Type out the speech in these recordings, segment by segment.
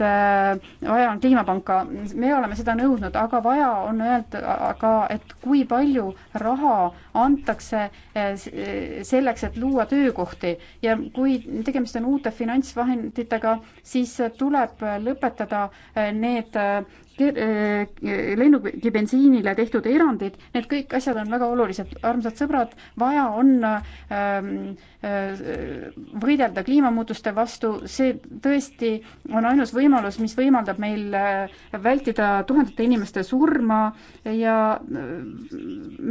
Äh, vaja on kliimapanka, me oleme seda nõudnud, aga vaja on öelda ka, et kui palju raha antakse äh, äh, selleks, et luua töökohti ja kui tegemist on uute finantsvahenditega, siis tuleb lõpetada need Äh, lennukibensiinile tehtud erandid, need kõik asjad on väga olulised. armsad sõbrad, vaja on ähm, äh, võidelda kliimamuutuste vastu, see tõesti on ainus võimalus, mis võimaldab meil äh, vältida tuhandete inimeste surma ja äh,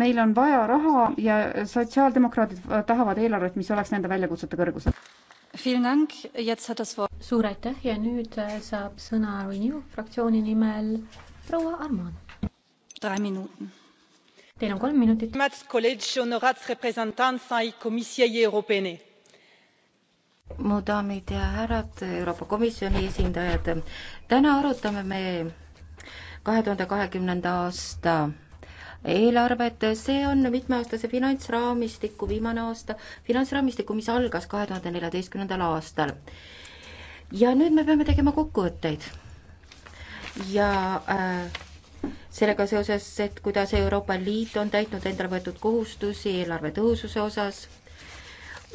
meil on vaja raha ja sotsiaaldemokraadid tahavad eelarvet, mis oleks nende väljakutsete kõrgusel suur aitäh ja nüüd äh, saab sõna Renew fraktsiooni nimel proua Arman. Teil on kolm minutit. mu daamid ja härrad, Euroopa Komisjoni esindajad, täna arutame me kahe tuhande kahekümnenda aasta eelarvet, see on mitmeaastase finantsraamistiku viimane aasta, finantsraamistiku, mis algas kahe tuhande neljateistkümnendal aastal. ja nüüd me peame tegema kokkuvõtteid. ja äh, sellega seoses, et kuidas Euroopa Liit on täitnud endale võetud kohustusi eelarve tõhususe osas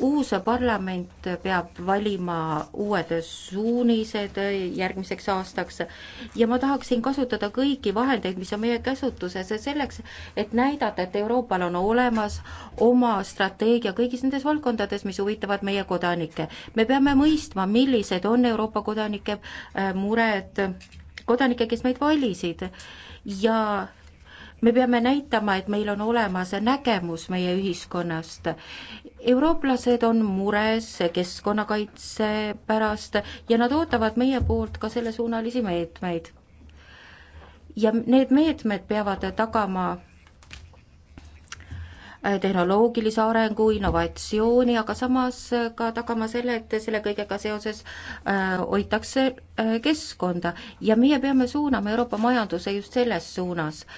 uus parlament peab valima uued suunised järgmiseks aastaks ja ma tahaksin kasutada kõiki vahendeid, mis on meie käsutuses, selleks, et näidata, et Euroopal on olemas oma strateegia kõigis nendes valdkondades, mis huvitavad meie kodanikke. me peame mõistma, millised on Euroopa kodanike äh, mured, kodanikke, kes meid valisid ja me peame näitama, et meil on olemas nägemus meie ühiskonnast. eurooplased on mures keskkonnakaitse pärast ja nad ootavad meie poolt ka sellesuunalisi meetmeid. ja need meetmed peavad tagama äh, tehnoloogilise arengu, innovatsiooni, aga samas ka tagama selle, et selle kõigega seoses äh, hoitakse äh, keskkonda ja meie peame suunama Euroopa majanduse just selles suunas äh,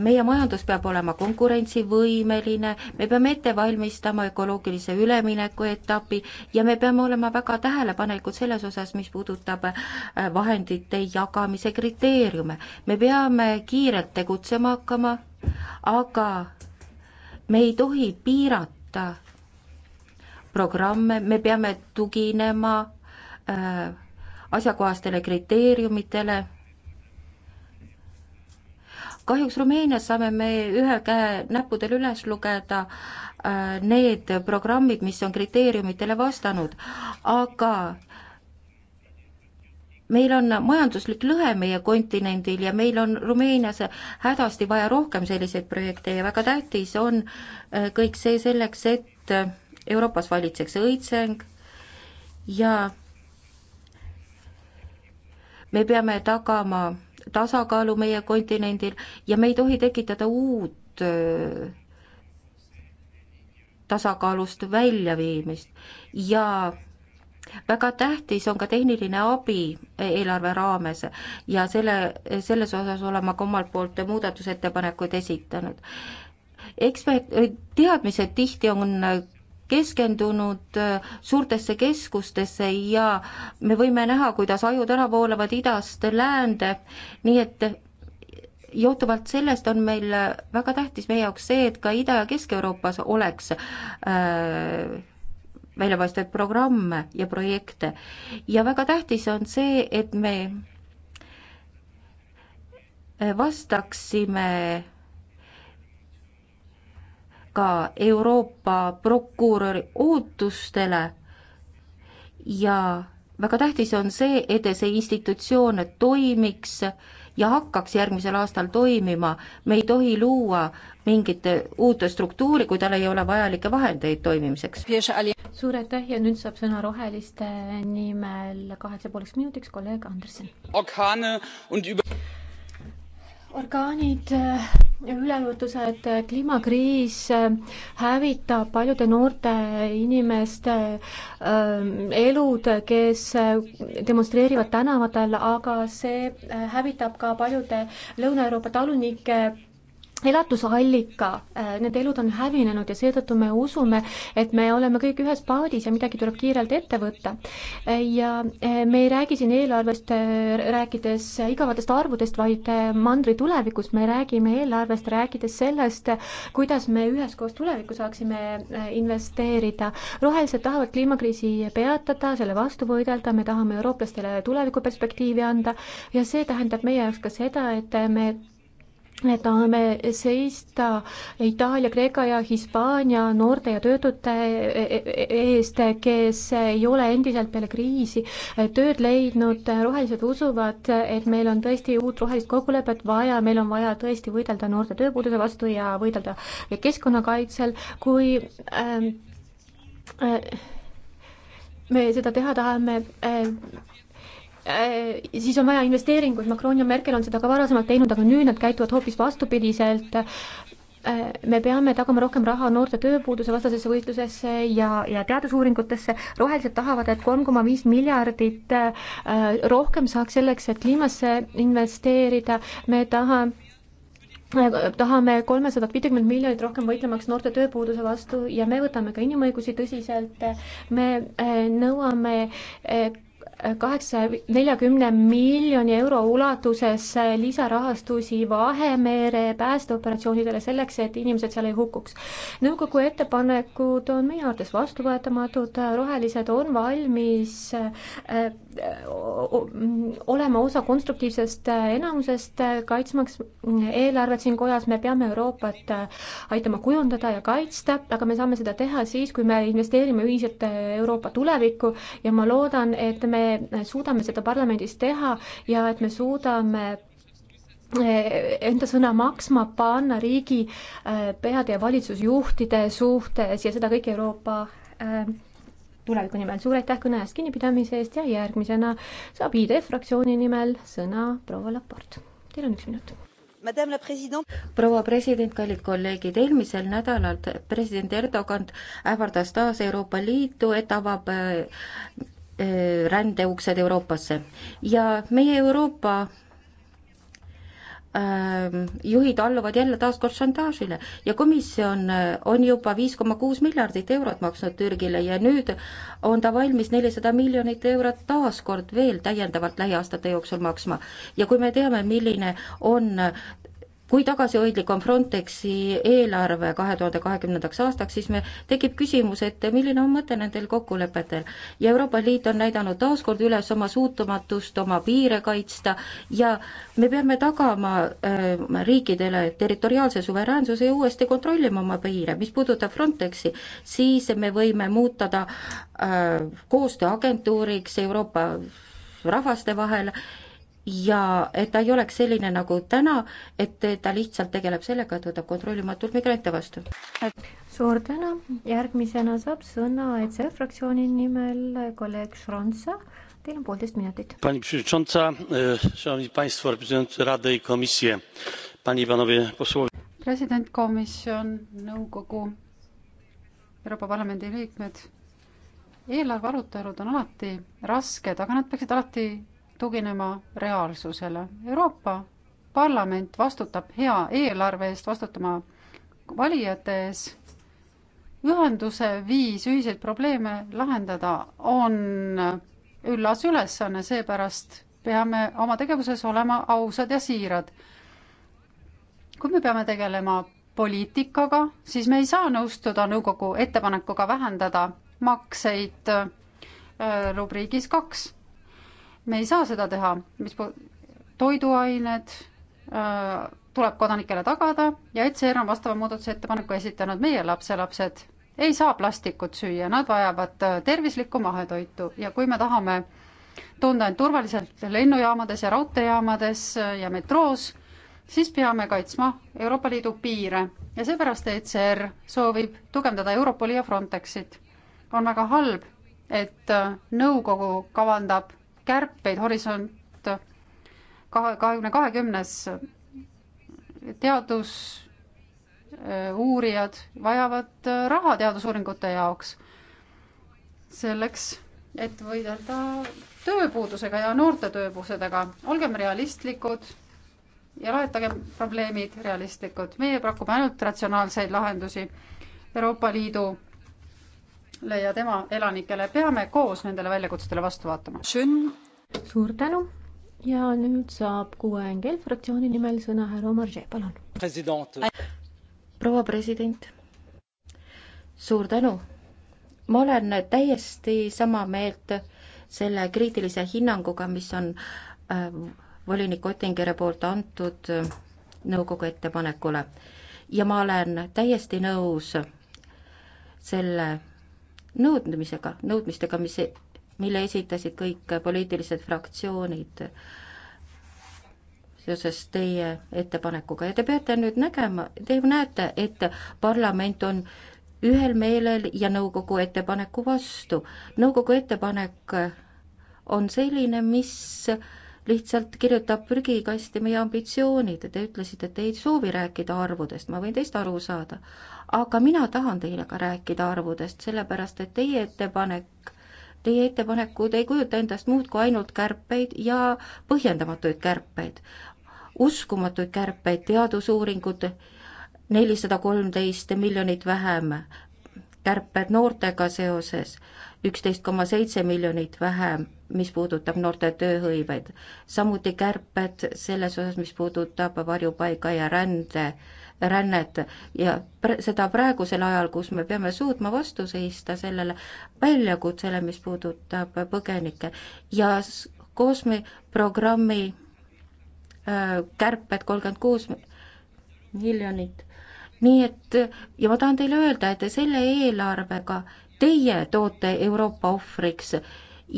meie majandus peab olema konkurentsivõimeline, me peame ette valmistama ökoloogilise ülemineku etapi ja me peame olema väga tähelepanelikud selles osas, mis puudutab äh, vahendite jagamise kriteeriume. me peame kiirelt tegutsema hakkama, aga me ei tohi piirata programme, me peame tuginema äh, asjakohastele kriteeriumitele kahjuks Rumeenias saame me ühe käe näppudel üles lugeda äh, need programmid, mis on kriteeriumitele vastanud, aga meil on majanduslik lõhe meie kontinendil ja meil on Rumeenias hädasti vaja rohkem selliseid projekte ja väga tähtis on äh, kõik see selleks, et äh, Euroopas valitseks õitseng ja me peame tagama tasakaalu meie kontinendil ja me ei tohi tekitada uut äh, tasakaalust väljaviimist ja väga tähtis on ka tehniline abi eelarve raames ja selle, selles osas olen ma ka omalt poolt muudatusettepanekuid esitanud. ekspert, teadmised tihti on keskendunud äh, suurtesse keskustesse ja me võime näha, kuidas ajud ära voolavad idast läände, nii et johtuvalt sellest on meil väga tähtis meie jaoks see, et ka Ida- ja Kesk-Euroopas oleks äh, väljapaistev programme ja projekte. ja väga tähtis on see, et me äh, vastaksime ka Euroopa prokuröri ootustele ja väga tähtis on see, et see institutsioon toimiks ja hakkaks järgmisel aastal toimima, me ei tohi luua mingit uut struktuuri, kui tal ei ole vajalikke vahendeid toimimiseks. suur aitäh ja nüüd saab sõna roheliste nimel kaheks ja pooleks minutiks kolleeg Andersen orgaanid, äh, üleujutused, äh, kliimakriis äh, hävitab paljude noorte inimeste elud, kes demonstreerivad tänavatel, aga see hävitab ka paljude Lõuna-Euroopa talunike elatusallika, äh, nende elud on hävinenud ja seetõttu me usume, et me oleme kõik ühes paadis ja midagi tuleb kiirelt ette võtta. Äh, ja äh, me ei räägi siin eelarvest rääkides igavatest arvudest, vaid mandri tulevikust, me räägime eelarvest rääkides sellest, kuidas me üheskoos tulevikku saaksime investeerida. rohelised tahavad kliimakriisi peatada, selle vastu võidelda, me tahame eurooplastele tulevikuperspektiivi anda ja see tähendab meie jaoks ka seda, et me me tahame seista Itaalia, Kreeka ja Hispaania noorte ja töötute eest, kes ei ole endiselt peale kriisi tööd leidnud, rohelised usuvad, et meil on tõesti uut rohelist kokkulepet vaja, meil on vaja tõesti võidelda noorte tööpuuduse vastu ja võidelda keskkonnakaitsel, kui ähm, äh, me seda teha tahame äh,, Äh, siis on vaja investeeringuid, Macron ja Merkel on seda ka varasemalt teinud, aga nüüd nad käituvad hoopis vastupidiselt. Äh, me peame tagama rohkem raha noorte tööpuuduse vastasesse võitlusesse ja, ja teadusuuringutesse. rohelised tahavad, et kolm koma viis miljardit äh, rohkem saaks selleks, et kliimasse investeerida. me tahame tahame kolmesadat viitekümmet miljonit rohkem võitlemaks noorte tööpuuduse vastu ja me võtame ka inimõigusi tõsiselt. me nõuame kaheksasaja neljakümne miljoni euro ulatuses lisarahastusi Vahemere päästeoperatsioonidele selleks, et inimesed seal ei hukkuks. nõukogu ettepanekud on meie arvates vastuvõetamatud, rohelised on valmis äh, äh, olema osa konstruktiivsest enamusest, kaitsmaks eelarvet siin kojas, me peame Euroopat äh, aitama kujundada ja kaitsta, aga me saame seda teha siis, kui me investeerime ühiselt Euroopa tulevikku ja ma loodan, et me me suudame seda parlamendis teha ja et me suudame eh, enda sõna maksma panna riigi eh, peade ja valitsusjuhtide suhtes ja seda kõik Euroopa eh, tuleviku nimel. suur aitäh kõne eest kinnipidamise eest ja järgmisena saab ID fraktsiooni nimel sõna proua Laport. Teil on üks minut. proua president, kallid kolleegid, eelmisel nädalal president Erdogan ähvardas taas Euroopa Liitu, et avab Äh, rändeuksed Euroopasse ja meie Euroopa ähm, juhid alluvad jälle taaskord šantaažile ja komisjon äh, on juba viis koma kuus miljardit eurot maksnud Türgile ja nüüd on ta valmis nelisada miljonit eurot taaskord veel täiendavalt lähiaastate jooksul maksma. ja kui me teame, milline on kui tagasihoidlik on Frontexi eelarve kahe tuhande kahekümnendaks aastaks, siis me, tekib küsimus, et milline on mõte nendel kokkulepetel. ja Euroopa Liit on näidanud taaskord üles oma suutumatust oma piire kaitsta ja me peame tagama äh, riikidele territoriaalse suveräänsuse ja uuesti kontrollima oma piire. mis puudutab Frontexi, siis me võime muuta ta äh, koostööagentuuriks Euroopa rahvaste vahel ja et ta ei oleks selline nagu täna, et ta lihtsalt tegeleb sellega, et võtab kontrollimatult migrante vastu. suur tänu, järgmisena saab sõna ETSE fraktsiooni nimel kolleeg Šronsa, teil on poolteist minutit. Pani Przewodnicząca, e, Szanowni Państwo, reprezentant Rada ja Komisje, Pani Ivanovi poslovi. president, komisjon, nõukogu, Euroopa Parlamendi liikmed, eelarve arutelud on alati rasked, aga nad peaksid alati tuginema reaalsusele. Euroopa Parlament vastutab hea eelarve eest, vastutama valijate ees. ühenduse viis ühiseid probleeme lahendada on üllas ülesanne, seepärast peame oma tegevuses olema ausad ja siirad. kui me peame tegelema poliitikaga, siis me ei saa nõustuda nõukogu ettepanekuga vähendada makseid äh, rubriigis kaks me ei saa seda teha, mis toiduained äh, tuleb kodanikele tagada ja ECR on vastava muudatusettepaneku esitanud meie lapselapsed ei saa plastikut süüa, nad vajavad äh, tervislikku mahetoitu ja kui me tahame tunda end turvaliselt lennujaamades ja raudteejaamades äh, ja metroos, siis peame kaitsma Euroopa Liidu piire ja seepärast ECR soovib tugevdada Europoli ja Frontexit. on väga halb, et äh, nõukogu kavandab kärpeid, horisont kahe, kahekümne kahekümnes teadusuurijad äh, vajavad äh, raha teadusuuringute jaoks, selleks et võidelda tööpuudusega ja noorte tööpuusedega. olgem realistlikud ja lahendagem probleemid realistlikud. meie pakume ainult ratsionaalseid lahendusi. Euroopa Liidu Iisraelile ja tema elanikele, peame koos nendele väljakutsetele vastu vaatama. suur tänu ja nüüd saab kuue NGL fraktsiooni nimel sõna härra Omarjee, palun. proua president, suur tänu. ma olen täiesti sama meelt selle kriitilise hinnanguga, mis on äh, volinik Ottingeri poolt antud äh, nõukogu ettepanekule ja ma olen täiesti nõus selle nõudmisega, nõudmistega, mis, e-, mille esitasid kõik poliitilised fraktsioonid seoses teie ettepanekuga ja te peate nüüd nägema, te ju näete, et parlament on ühel meelel ja nõukogu ettepaneku vastu. nõukogu ettepanek on selline, mis lihtsalt kirjutab prügikasti meie ambitsioonid, te ütlesite, et te ei soovi rääkida arvudest, ma võin teist aru saada, aga mina tahan teile ka rääkida arvudest, sellepärast et teie ettepanek, teie ettepanekud ei kujuta endast muud kui ainult kärpeid ja põhjendamatuid kärpeid, uskumatuid kärpeid, teadusuuringud, nelisada kolmteist miljonit vähem, kärped noortega seoses, üksteist koma seitse miljonit vähem, mis puudutab noorte tööhõiveid, samuti kärped selles osas, mis puudutab varjupaiga ja rände äh, rännet ja pr-, seda praegusel ajal, kus me peame suutma vastu seista sellele väljakutsele, mis puudutab põgenikke ja COSME programmi äh, kärped kolmkümmend kuus miljonit. nii et ja ma tahan teile öelda, et selle eelarvega teie toote Euroopa ohvriks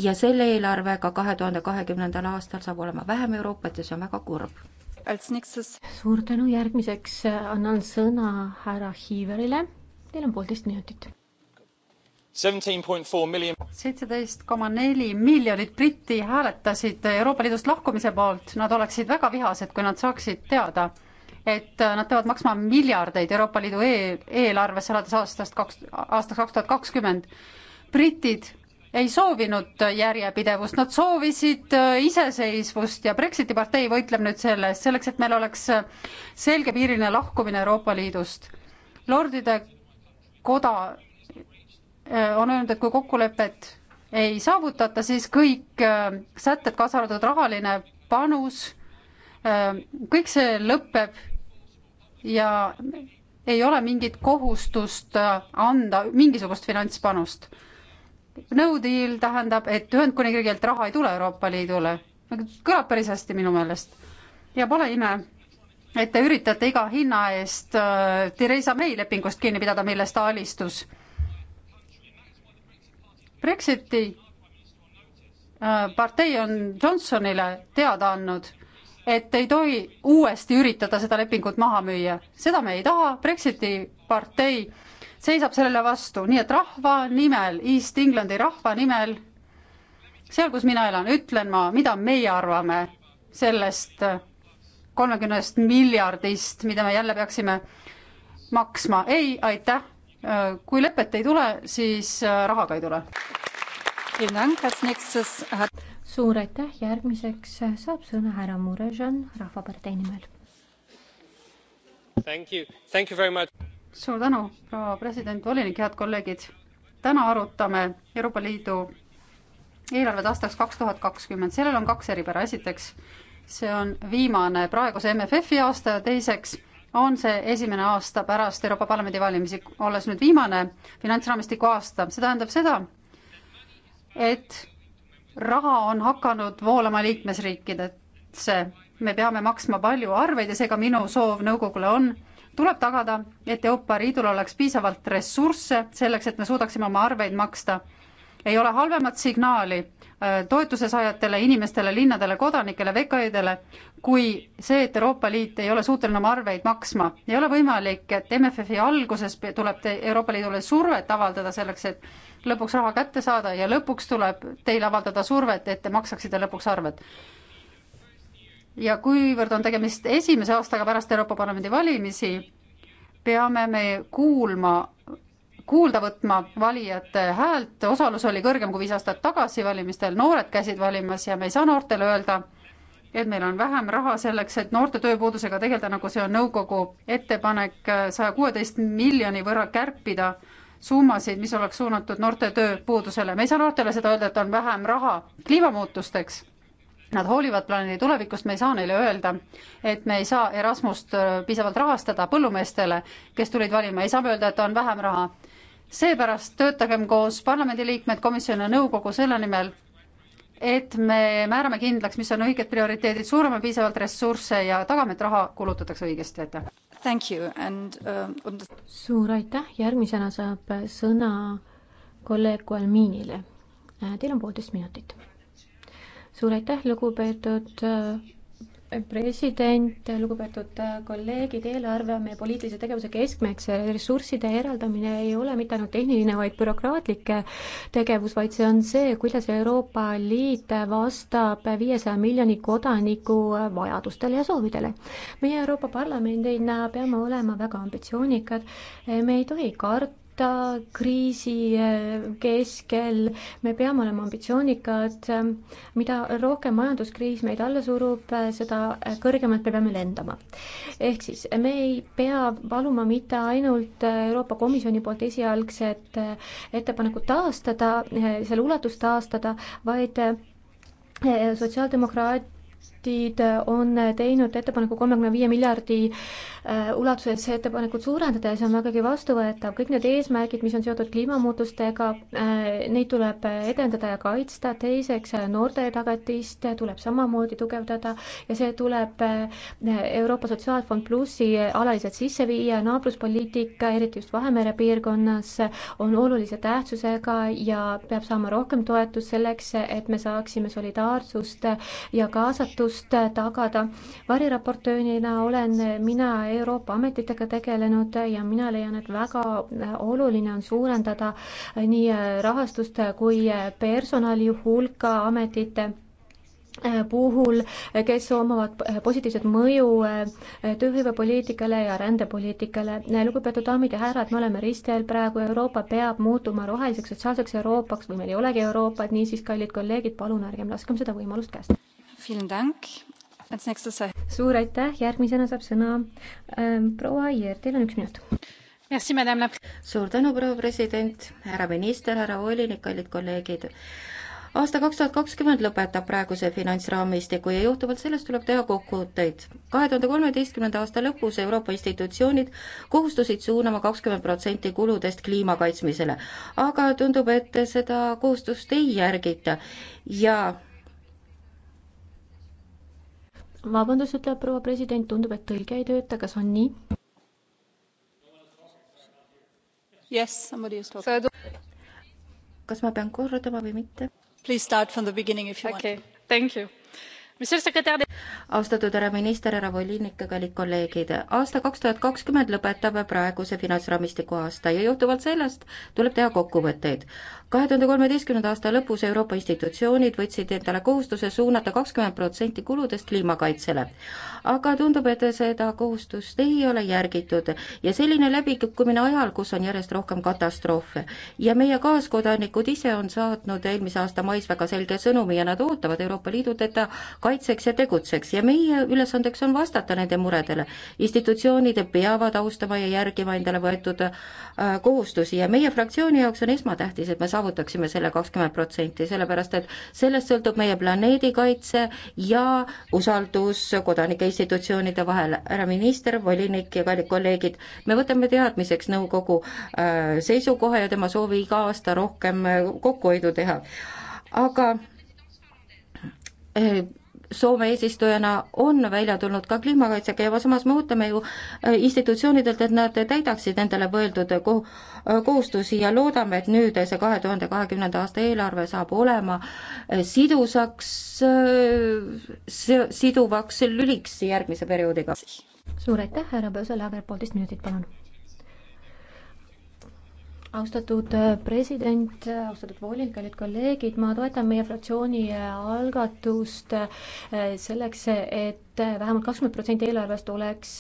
ja selle eelarvega kahe tuhande kahekümnendal aastal saab olema vähem Euroopat ja see on väga kurb suur tänu, järgmiseks äh, annan sõna härra Hiiverile. Teil on poolteist minutit. seitseteist koma neli miljonit britti hääletasid Euroopa Liidust lahkumise poolt, nad oleksid väga vihased, kui nad saaksid teada, et äh, nad peavad maksma miljardeid Euroopa Liidu e eelarvesse alates aastast kaks, aastast kaks tuhat kakskümmend. britid ei soovinud järjepidevust, nad soovisid äh, iseseisvust ja Brexiti partei võitleb nüüd selle eest, selleks et meil oleks äh, selgepiiriline lahkumine Euroopa Liidust. lordide koda äh, on öelnud, et kui kokkulepet ei saavutata, siis kõik sätted, kaasa arvatud rahaline panus, kõik see lõpeb ja ei ole mingit kohustust anda mingisugust finantspanust no deal tähendab, et Ühendkuningriigilt raha ei tule Euroopa Liidule. kõlab päris hästi minu meelest. ja pole ime, et te üritate iga hinna eest äh, Theresa May lepingust kinni pidada, millest ta alistus. Brexiti äh, partei on Johnsonile teada andnud, et ei tohi uuesti üritada seda lepingut maha müüa, seda me ei taha, Brexiti partei äh, seisab sellele vastu, nii et rahva nimel, East Englandi rahva nimel, seal, kus mina elan, ütlen ma, mida meie arvame sellest kolmekümnest miljardist, mida me jälle peaksime maksma. ei, aitäh. kui lepet ei tule, siis raha ka ei tule. suur aitäh, järgmiseks saab sõna härra Murežan Rahvapartei nimel suur tänu, proua president, volinik, head kolleegid. täna arutame Euroopa Liidu eelarvet aastaks kaks tuhat kakskümmend, sellel on kaks eripära, esiteks see on viimane praeguse MFF-i aasta ja teiseks on see esimene aasta pärast Euroopa Parlamendi valimisi, olles nüüd viimane finantsraamistiku aasta, see tähendab seda, et raha on hakanud voolama liikmesriikidesse, me peame maksma palju arveid ja seega minu soov nõukogule on tuleb tagada, et Euroopa Liidul oleks piisavalt ressursse selleks, et me suudaksime oma arveid maksta. ei ole halvemat signaali äh, toetuse saajatele, inimestele, linnadele, kodanikele, VKE-dele, kui see, et Euroopa Liit ei ole suuteline oma arveid maksma. ei ole võimalik, et MFF-i alguses tuleb Euroopa Liidule survet avaldada selleks, et lõpuks raha kätte saada ja lõpuks tuleb teil avaldada survet, et te maksaksite lõpuks arved ja kuivõrd on tegemist esimese aastaga pärast Euroopa Parlamendi valimisi, peame me kuulma, kuulda võtma valijate häält, osalus oli kõrgem kui viis aastat tagasi valimistel, noored käisid valimas ja me ei saa noortele öelda, et meil on vähem raha selleks, et noorte tööpuudusega tegeleda, nagu see on nõukogu ettepanek saja kuueteist miljoni võrra kärpida summasid, mis oleks suunatud noorte tööpuudusele. me ei saa noortele seda öelda, et on vähem raha kliimamuutusteks Nad hoolivad planeedi tulevikust, me ei saa neile öelda, et me ei saa Erasmust äh, piisavalt rahastada põllumeestele, kes tulid valima, ei saa öelda, et on vähem raha. seepärast töötagem koos parlamendiliikmed, komisjon ja nõukogu selle nimel, et me määrame kindlaks, mis on õiged prioriteedid, suurame piisavalt ressursse ja tagame, et raha kulutatakse õigesti, aitäh. Thank you and uh, on... suur aitäh, järgmisena saab sõna kolleeg Gualminile. Äh, teil on poolteist minutit suur aitäh, lugupeetud äh, president, lugupeetud äh, kolleegid, eelarve on meie poliitilise tegevuse keskmeks, ressursside eraldamine ei ole mitte ainult tehniline, vaid bürokraatlik tegevus, vaid see on see, kuidas Euroopa Liit vastab viiesaja miljoni kodaniku äh, vajadustele ja soovidele. meie Euroopa Parlamendina peame olema väga ambitsioonikad, me ei tohi karta võita kriisi eh, keskel, me peame olema ambitsioonikad, mida rohkem majanduskriis meid alla surub, eh, seda eh, kõrgemalt me peame lendama. ehk siis me ei pea paluma mitte ainult Euroopa Komisjoni poolt esialgset ettepanekut taastada, selle ulatust taastada, vaid sotsiaaldemokraat, sotsiaaldemokraadid on teinud ettepaneku kolmekümne viie miljardi äh, ulatuses ettepanekut suurendada ja see on vägagi vastuvõetav. kõik need eesmärgid, mis on seotud kliimamuutustega, äh, neid tuleb edendada ja kaitsta. teiseks, äh, noorte tagatist tuleb samamoodi tugevdada ja see tuleb Euroopa Sotsiaalfond Plussi alaliselt sisse viia. naabruspoliitika, eriti just Vahemere piirkonnas, on olulise tähtsusega ja peab saama rohkem toetust selleks, et me saaksime solidaarsust ja kaasatust võrdsust tagada. variraportöörina olen mina Euroopa ametitega tegelenud ja mina leian, et väga oluline on suurendada nii rahastust kui personali hulka ametite puhul, kes omavad positiivset mõju tööhõivepoliitikale ja rändepoliitikale. lugupeetud daamid ja härrad, me oleme ristel praegu, Euroopa peab muutuma roheliseks sotsiaalseks Euroopaks või meil ei olegi Euroopat, niisiis, kallid kolleegid, palun ärgem laskem seda võimalust käest suur aitäh, järgmisena saab sõna ähm, proua Aier, teil on üks minut. suur tänu, proua president, härra minister, härra volinik, kallid kolleegid aasta kaks tuhat kakskümmend lõpetab praeguse finantsraamistiku ja johtuvalt sellest tuleb teha kokkuvõtteid. kahe tuhande kolmeteistkümnenda aasta lõpus Euroopa institutsioonid kohustusid suunama kakskümmend protsenti kuludest kliima kaitsmisele, aga tundub, et seda kohustust ei järgita ja vabandust, ütleb proua president, tundub, et tõlge ei tööta, kas on nii? Yes, kas ma pean kordama või mitte? Okay. austatud härra minister, härra volinik, kallid kolleegid, aasta kaks tuhat kakskümmend lõpetab praeguse finantsraamistiku aasta ja johtuvalt sellest tuleb teha kokkuvõtteid kahe tuhande kolmeteistkümnenda aasta lõpus Euroopa institutsioonid võtsid endale kohustuse suunata kakskümmend protsenti kuludest kliimakaitsele. aga tundub, et seda kohustust ei ole järgitud ja selline läbikukkumine ajal, kus on järjest rohkem katastroofe. ja meie kaaskodanikud ise on saatnud eelmise aasta mais väga selge sõnumi ja nad ootavad Euroopa Liidut, et ta kaitseks ja tegutseks ja meie ülesandeks on vastata nende muredele. institutsioonid peavad austama ja järgima endale võetud äh, kohustusi ja meie fraktsiooni jaoks on esmatähtis, et me saame saavutaksime selle kakskümmend protsenti, sellepärast et sellest sõltub meie planeedi kaitse ja usaldus kodanike institutsioonide vahel. härra minister, volinik ja kallid kolleegid, me võtame teadmiseks nõukogu äh, seisukoha ja tema soovi iga aasta rohkem kokkuhoidu teha, aga äh, Soome eesistujana on välja tulnud ka kliimakaitsega ja samas me ootame ju äh, institutsioonidelt, et nad täidaksid endale võetud äh, kohustusi ja loodame, et nüüd see kahe tuhande kahekümnenda aasta eelarve saab olema äh, sidusaks, siduvaks lüliks järgmise perioodiga. suur aitäh, härra Böselager, poolteist minutit, palun austatud äh, president, äh, austatud volinik, kallid kolleegid, ma toetan meie fraktsiooni äh, algatust selleks, et vähemalt kakskümmend protsenti eelarvest oleks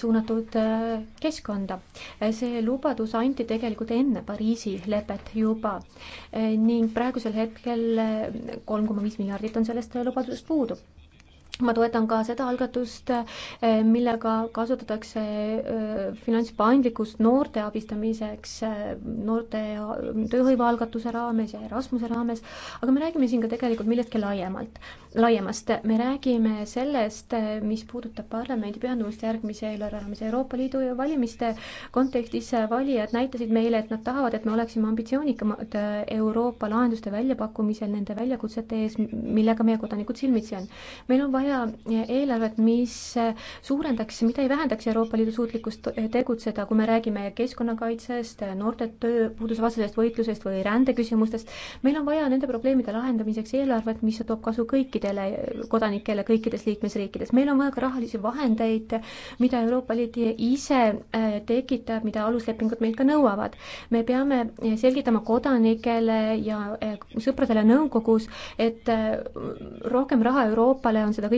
suunatud keskkonda. see lubadus anti tegelikult enne Pariisi lepet juba ning praegusel hetkel kolm koma viis miljardit on sellest lubadusest puudu ma toetan ka seda algatust, eh, millega kasutatakse eh, finantspaindlikkust noorte abistamiseks eh, noorte ja tööhõive algatuse raames ja Erasmuse raames, aga me räägime siin ka tegelikult millestki laiemalt, laiemast. me räägime sellest, mis puudutab parlamendi pühendumust järgmise eelarveajamise Euroopa Liidu valimiste kontekstis. valijad näitasid meile, et nad tahavad, et me oleksime ambitsioonikamad Euroopa lahenduste väljapakkumisel nende väljakutsete ees, millega meie kodanikud silmitsi on. meil on vaja vaja eh, eelarvet, mis eh, suurendaks, mida ei vähendaks Euroopa Liidu suutlikkust eh, tegutseda, kui me räägime keskkonnakaitsest, noorte tööpuudusevastasest võitlusest või rändeküsimustest. meil on vaja nende probleemide lahendamiseks eelarvet, mis toob kasu kõikidele kodanikele kõikides liikmesriikides. meil on vaja ka rahalisi vahendeid, mida Euroopa Liit ise tekitab, mida aluslepingud meilt ka nõuavad. me peame selgitama kodanikele ja sõpradele nõukogus, et rohkem raha Euroopale on seda kõike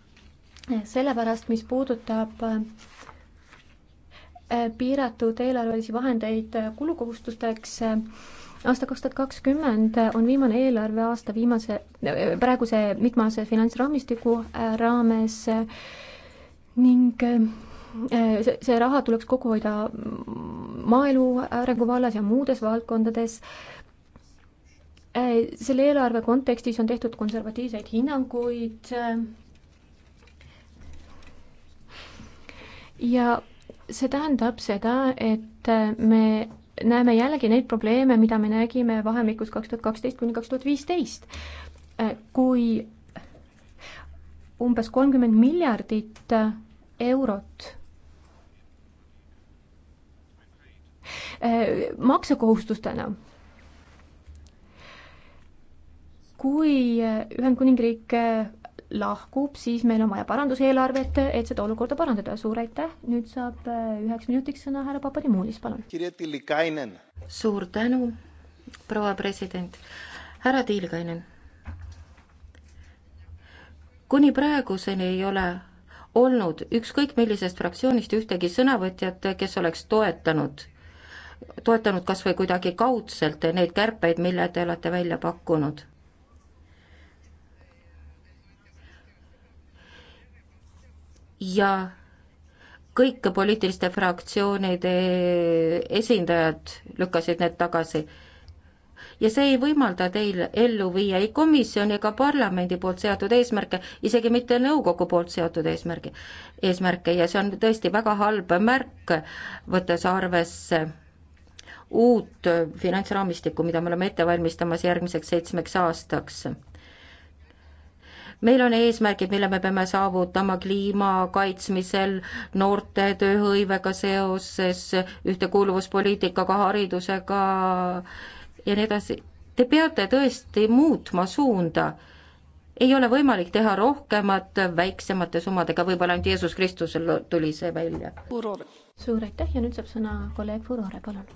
sellepärast, mis puudutab äh, piiratud eelarvelisi vahendeid äh, kulukohustusteks, äh, aasta kaks tuhat kakskümmend on viimane eelarveaasta viimase, praeguse mitmeaastase finantsraamistiku raames ning see raha tuleks kokku hoida maaelu arengu vallas ja muudes valdkondades. selle eelarve kontekstis on tehtud konservatiivseid hinnanguid ja see tähendab seda, et äh, me näeme jällegi neid probleeme, mida me nägime vahemikus kaks tuhat kaksteist kuni kaks tuhat viisteist, äh, kui umbes kolmkümmend miljardit äh, eurot maksekohustustena. kui Ühendkuningriik lahkub, siis meil on vaja paranduseelarvet, et seda olukorda parandada. suur aitäh, nüüd saab äh, üheks minutiks sõna härra Papadimulis, palun. suur tänu, proua president. härra Tiilikainen. kuni praeguseni ei ole olnud ükskõik millisest fraktsioonist ühtegi sõnavõtjat, kes oleks toetanud, toetanud kas või kuidagi kaudselt neid kärpeid, mille te olete välja pakkunud ja kõik poliitiliste fraktsioonide esindajad lükkasid need tagasi. ja see ei võimalda teil ellu viia ei komisjoni ega parlamendi poolt seatud eesmärke, isegi mitte nõukogu poolt seatud eesmärgi, eesmärke ja see on tõesti väga halb märk, võttes arvesse uut finantsraamistikku, mida me oleme ette valmistamas järgmiseks seitsmeks aastaks meil on eesmärgid, mille me peame saavutama kliima kaitsmisel, noorte tööhõivega seoses, ühtekuuluvuspoliitikaga, haridusega ja nii edasi. Te peate tõesti muutma suunda. ei ole võimalik teha rohkemat väiksemate summadega, võib-olla ainult Jeesus Kristusel tuli see välja. suur aitäh ja nüüd saab sõna kolleeg Furore, palun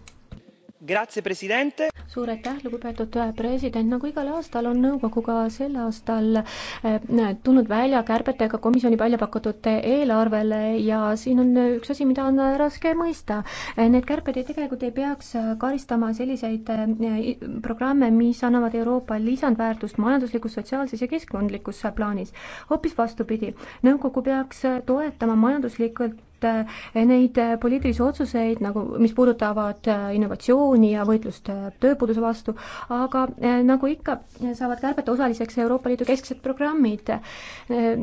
suur aitäh, lugupeetud president, nagu igal aastal on nõukogu ka sel aastal eh, tulnud välja kärbetega komisjoni välja pakutud eelarvele ja siin on üks asi, mida on raske mõista. Eh, need kärped tegelikult ei peaks karistama selliseid eh, programme, mis annavad Euroopa lisandväärtust majanduslikus, sotsiaalses ja keskkondlikus plaanis. hoopis vastupidi, nõukogu peaks toetama majanduslikult et eh, neid eh, poliitilisi otsuseid nagu, mis puudutavad eh, innovatsiooni ja võitlust tööpuuduse vastu, aga nagu ikka, saavad kärbete osaliseks Euroopa Liidu kesksed programmid.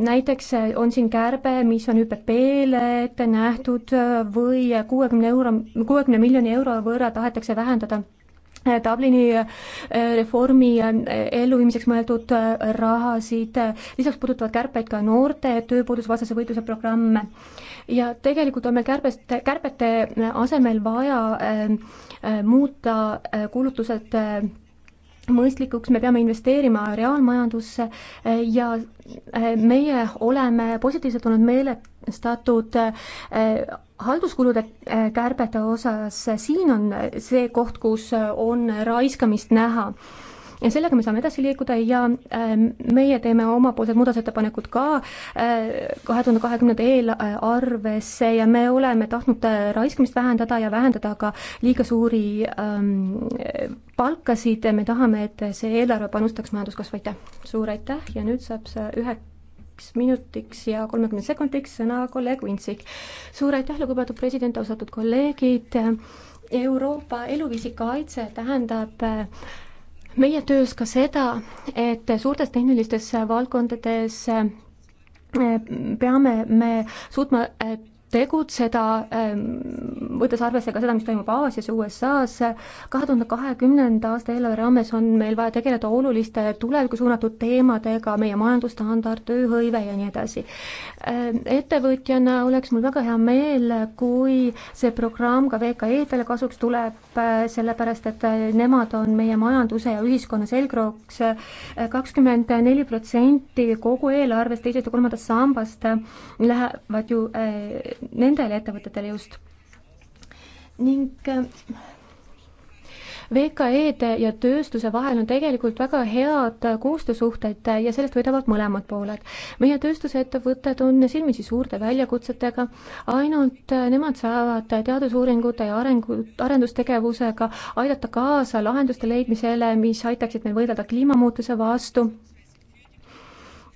näiteks on siin kärbe, mis on ÜPP-le ette nähtud või kuuekümne euro, kuuekümne miljoni euro võrra tahetakse vähendada Dublini reformi elluviimiseks mõeldud rahasid, lisaks puudutavad kärpeid ka noorte tööpuudusvastase võitluse programme ja tegelikult on meil kärbeste, kärbete äh, asemel vaja ähm, äh, muuta äh, kulutused mõistlikuks, me peame investeerima reaalmajandusse ja meie oleme positiivselt olnud meelestatud halduskulude kärbete osas, siin on see koht, kus on raiskamist näha ja sellega me saame edasi liikuda ja äh, meie teeme omapoolsed muudatusettepanekud ka äh, kahe tuhande kahekümnenda eelarvesse ja me oleme tahtnud äh, raiskamist vähendada ja vähendada ka liiga suuri ähm, palkasid, me tahame, et see eelarve panustaks majanduskasvu, aitäh! suur aitäh ja nüüd saab see üheks minutiks ja kolmekümne sekundiks sõna kolleeg Vintsik. suur aitäh, lugupeetud president, austatud kolleegid, Euroopa eluviisi kaitse tähendab äh, meie töös ka seda, et suurtes tehnilistes valdkondades eh, peame me suutma eh, tegutseda, ähm, võttes arvesse ka seda, mis toimub Aasias ja USA-s. kahe tuhande kahekümnenda aasta eelarve raames on meil vaja tegeleda oluliste tulevikku suunatud teemadega, meie majandusstandard, tööhõive ja nii edasi. Ähm, ettevõtjana oleks mul väga hea meel, kui see programm ka VKE-dele kasuks tuleb, äh, sellepärast et äh, nemad on meie majanduse ja ühiskonna selgrooks. Äh, kakskümmend neli protsenti kogu eelarvest teisest ja kolmandast sambast lähevad ju nendele ettevõtetele just. ning äh, VKE-de ja tööstuse vahel on tegelikult väga head koostöösuhted ja sellest võidavad mõlemad pooled. meie tööstusettevõtted on silmitsi suurte väljakutsetega, ainult äh, nemad saavad teadusuuringute ja arengu, arendustegevusega aidata kaasa lahenduste leidmisele, mis aitaksid meil võidelda kliimamuutuse vastu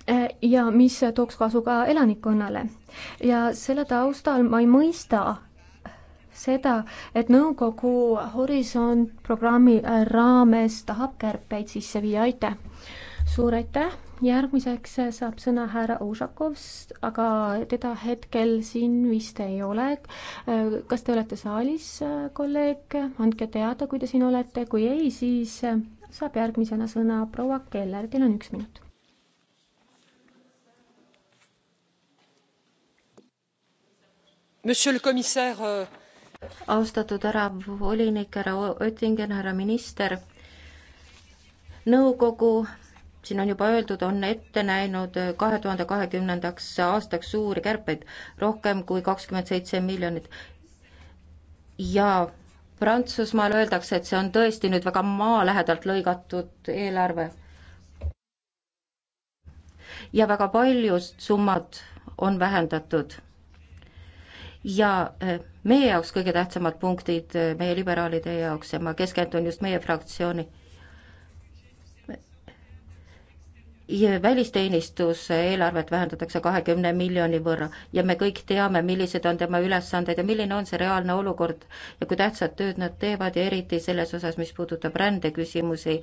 Eh, ja mis tooks kasu ka elanikkonnale. ja selle taustal ma ei mõista seda, et nõukogu Horisont programmi raames tahab kärpeid sisse viia, aitäh. suur aitäh, järgmiseks saab sõna härra Ušakov, aga teda hetkel siin vist ei ole. Eh, kas te olete saalis, kolleeg, andke teada, kui te siin olete, kui ei, siis saab järgmisena sõna proua Keller, teil on üks minut Euh, austatud härra volinik, härra Oettinger, härra minister, nõukogu siin on juba öeldud, on ette näinud kahe tuhande kahekümnendaks aastaks suuri kärpeid, rohkem kui kakskümmend seitse miljonit. ja Prantsusmaal öeldakse, et see on tõesti nüüd väga maalähedalt lõigatud eelarve. ja väga paljud summad on vähendatud ja äh, meie jaoks kõige tähtsamad punktid, äh, meie liberaalide jaoks ja ma keskendun just meie fraktsiooni välisteenistuse äh, eelarvet vähendatakse kahekümne miljoni võrra ja me kõik teame, millised on tema ülesanded ja milline on see reaalne olukord ja kui tähtsat tööd nad teevad ja eriti selles osas, mis puudutab rändeküsimusi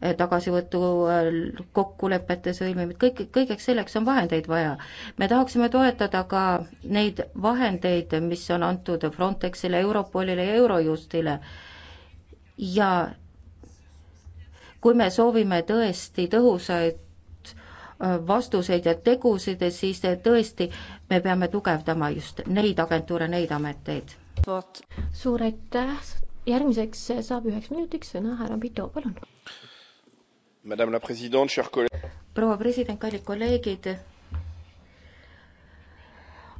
Äh, tagasivõtu äh, kokkulepete sõlmimine, kõik, kõigeks selleks on vahendeid vaja. me tahaksime toetada ka neid vahendeid, mis on antud Frontexile, Europolile ja Eurojustile ja kui me soovime tõesti tõhusaid äh, vastuseid ja tegusid, siis tõesti me peame tugevdama just neid agentuure, neid ameteid. suur aitäh, järgmiseks saab üheks minutiks sõna härra Pito, palun proua president, kallid kolleegid.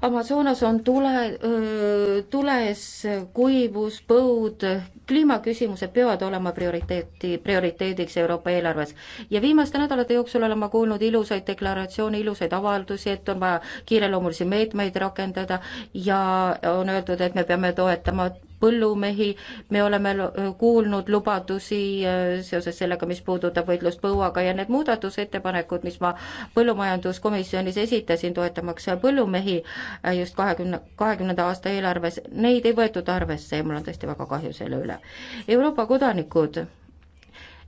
Amazonas on tule, tules kuivus, põud, kliimaküsimused peavad olema prioriteeti, prioriteediks Euroopa eelarves. ja viimaste nädalate jooksul olen ma kuulnud ilusaid deklaratsioone, ilusaid avaldusi, et on vaja kiireloomulisi meetmeid rakendada ja on öeldud, et me peame toetama põllumehi, me oleme kuulnud lubadusi äh, seoses sellega, mis puudutab võitlust põuaga ja need muudatusettepanekud, mis ma põllumajanduskomisjonis esitasin, toetamaks põllumehi äh, just kahekümne, kahekümnenda aasta eelarves, neid ei võetud arvesse ja mul on tõesti väga kahju selle üle. Euroopa kodanikud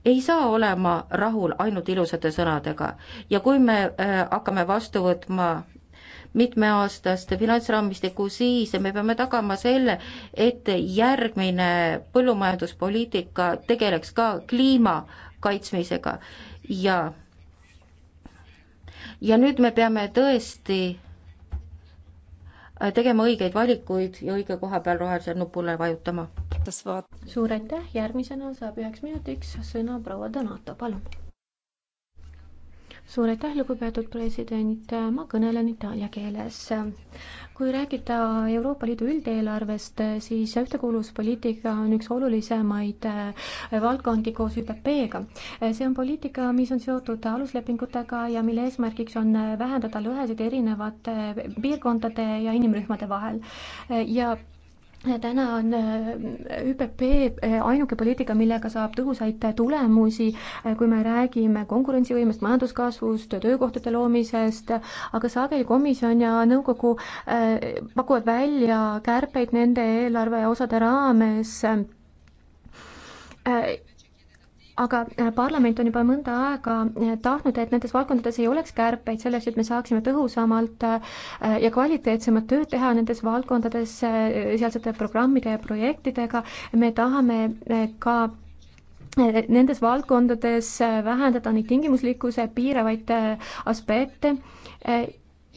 ei saa olema rahul ainult ilusate sõnadega ja kui me äh, hakkame vastu võtma mitmeaastast finantsraamistikku, siis me peame tagama selle, et järgmine põllumajanduspoliitika tegeleks ka kliima kaitsmisega ja ja nüüd me peame tõesti tegema õigeid valikuid ja õige koha peal rohelisele nupule vajutama. suur aitäh, järgmisena saab üheks minutiks sõna proua Donato, palun suur aitäh, lugupeetud president, ma kõnelen itaalia keeles. kui rääkida Euroopa Liidu üldeelarvest, siis ühtekuuluvuspoliitika on üks olulisemaid eh, valdkondi koos ÜPP-ga. Eh, see on poliitika, mis on seotud aluslepingutega ja mille eesmärgiks on eh, vähendada lõhesid erinevate piirkondade ja inimrühmade vahel ja täna on äh, ÜPP äh, ainuke poliitika, millega saab tõhusaid äh, tulemusi, kui me räägime konkurentsivõimest, majanduskasvust, töökohtade loomisest, aga sageli komisjon ja nõukogu pakuvad välja kärpeid nende eelarveosade raames aga äh, parlament on juba mõnda aega äh, tahtnud, et nendes valdkondades ei oleks kärpeid selleks, et me saaksime tõhusamalt äh, ja kvaliteetsemat tööd teha nendes valdkondades sealsete programmide ja projektidega. me tahame ka nendes valdkondades vähendada neid tingimuslikkuse piiravaid aspekte